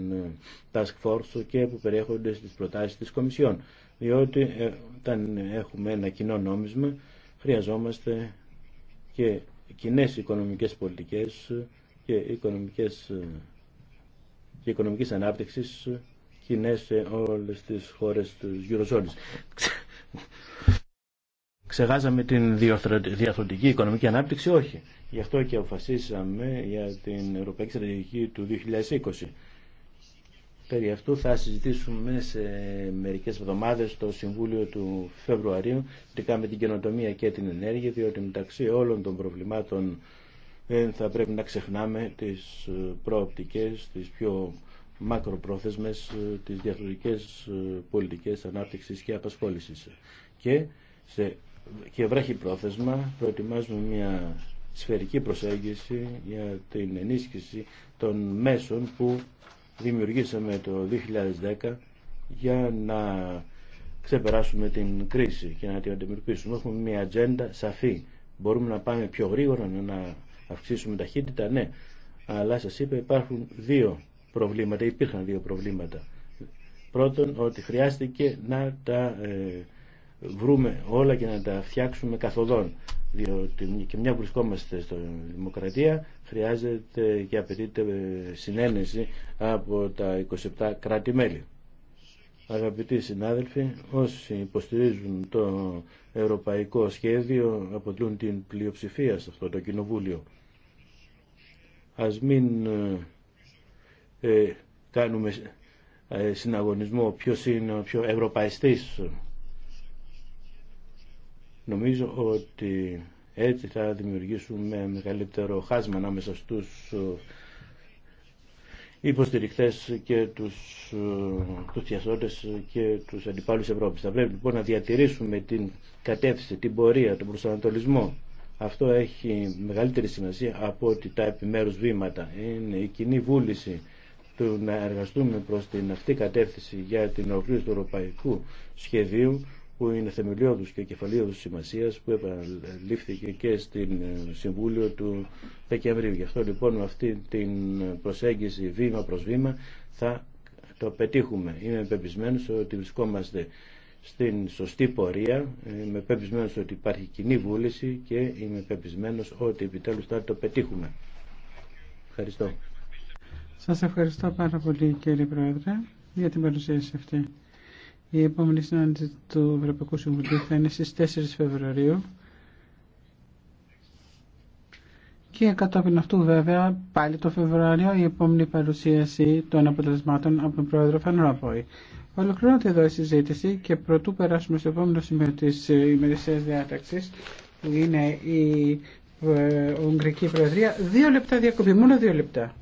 Task Force και που περιέχονται στις προτάσεις της Κομισιόν διότι ε, όταν έχουμε ένα κοινό νόμισμα χρειαζόμαστε και κοινέ οικονομικές πολιτικές και οικονομικές ε, και οικονομικής ανάπτυξης ε, κοινέ σε όλες τις χώρες της Eurozone. Ξεχάσαμε την διαθροντική οικονομική ανάπτυξη, όχι. Γι' αυτό και αποφασίσαμε για την Ευρωπαϊκή Στρατηγική του 2020. Περί αυτού θα συζητήσουμε σε μερικές εβδομάδες το Συμβούλιο του Φεβρουαρίου σχετικά με την καινοτομία και την ενέργεια, διότι μεταξύ όλων των προβλημάτων δεν θα πρέπει να ξεχνάμε τις ε, προοπτικές, τις πιο μακροπρόθεσμες, ε, τις διαφορετικές ε, πολιτικές ανάπτυξης και απασχόλησης. Και, σε, και βράχει πρόθεσμα προετοιμάζουμε μια σφαιρική προσέγγιση για την ενίσχυση των μέσων που δημιουργήσαμε το 2010 για να ξεπεράσουμε την κρίση και να την αντιμετωπίσουμε. Έχουμε μια ατζέντα σαφή. Μπορούμε να πάμε πιο γρήγορα, να αυξήσουμε ταχύτητα, ναι. Αλλά σας είπα υπάρχουν δύο προβλήματα, υπήρχαν δύο προβλήματα. Πρώτον, ότι χρειάστηκε να τα ε, βρούμε όλα και να τα φτιάξουμε καθοδόν διότι και μια που βρισκόμαστε στη δημοκρατία χρειάζεται και απαιτείται ε, συνένεση από τα 27 κράτη-μέλη. Αγαπητοί συνάδελφοι, όσοι υποστηρίζουν το ευρωπαϊκό σχέδιο αποτελούν την πλειοψηφία σε αυτό το κοινοβούλιο. Ας μην ε, ε, κάνουμε συναγωνισμό ποιος είναι ο πιο ευρωπαϊστής Νομίζω ότι έτσι θα δημιουργήσουμε μεγαλύτερο χάσμα ανάμεσα στους ε, υποστηριχτές και τους, ε, τους διασώτες και τους αντιπάλους Ευρώπης. Θα πρέπει λοιπόν να διατηρήσουμε την κατεύθυνση, την πορεία, τον προσανατολισμό. Αυτό έχει μεγαλύτερη σημασία από ότι τα επιμέρους βήματα. Είναι η κοινή βούληση του να εργαστούμε προς την αυτή κατεύθυνση για την ολοκλήρωση του ευρωπαϊκού σχεδίου που είναι θεμελιώδους και κεφαλαίωδους σημασίας που επαναλήφθηκε και στην ε, Συμβούλιο του Δεκεμβρίου. Γι' αυτό λοιπόν με αυτή την προσέγγιση βήμα προς βήμα θα το πετύχουμε. Είμαι πεπισμένος ότι βρισκόμαστε στην σωστή πορεία, είμαι πεπισμένος ότι υπάρχει κοινή βούληση και είμαι πεπισμένος ότι επιτέλους θα το πετύχουμε. Ευχαριστώ. Σας ευχαριστώ πάρα πολύ κύριε Πρόεδρε για την παρουσίαση αυτή. Η επόμενη συνάντηση του Ευρωπαϊκού Συμβουλίου θα είναι στις 4 Φεβρουαρίου και κατόπιν αυτού βέβαια πάλι το Φεβρουάριο η επόμενη παρουσίαση των αποτελεσμάτων από τον Πρόεδρο Φανρόποη. Ολοκληρώνεται εδώ η συζήτηση και πρωτού περάσουμε στο επόμενο σημείο της ημερησίας διάταξης που είναι η ε, Ουγγρική Προεδρία. Δύο λεπτά διακοπή, μόνο δύο λεπτά.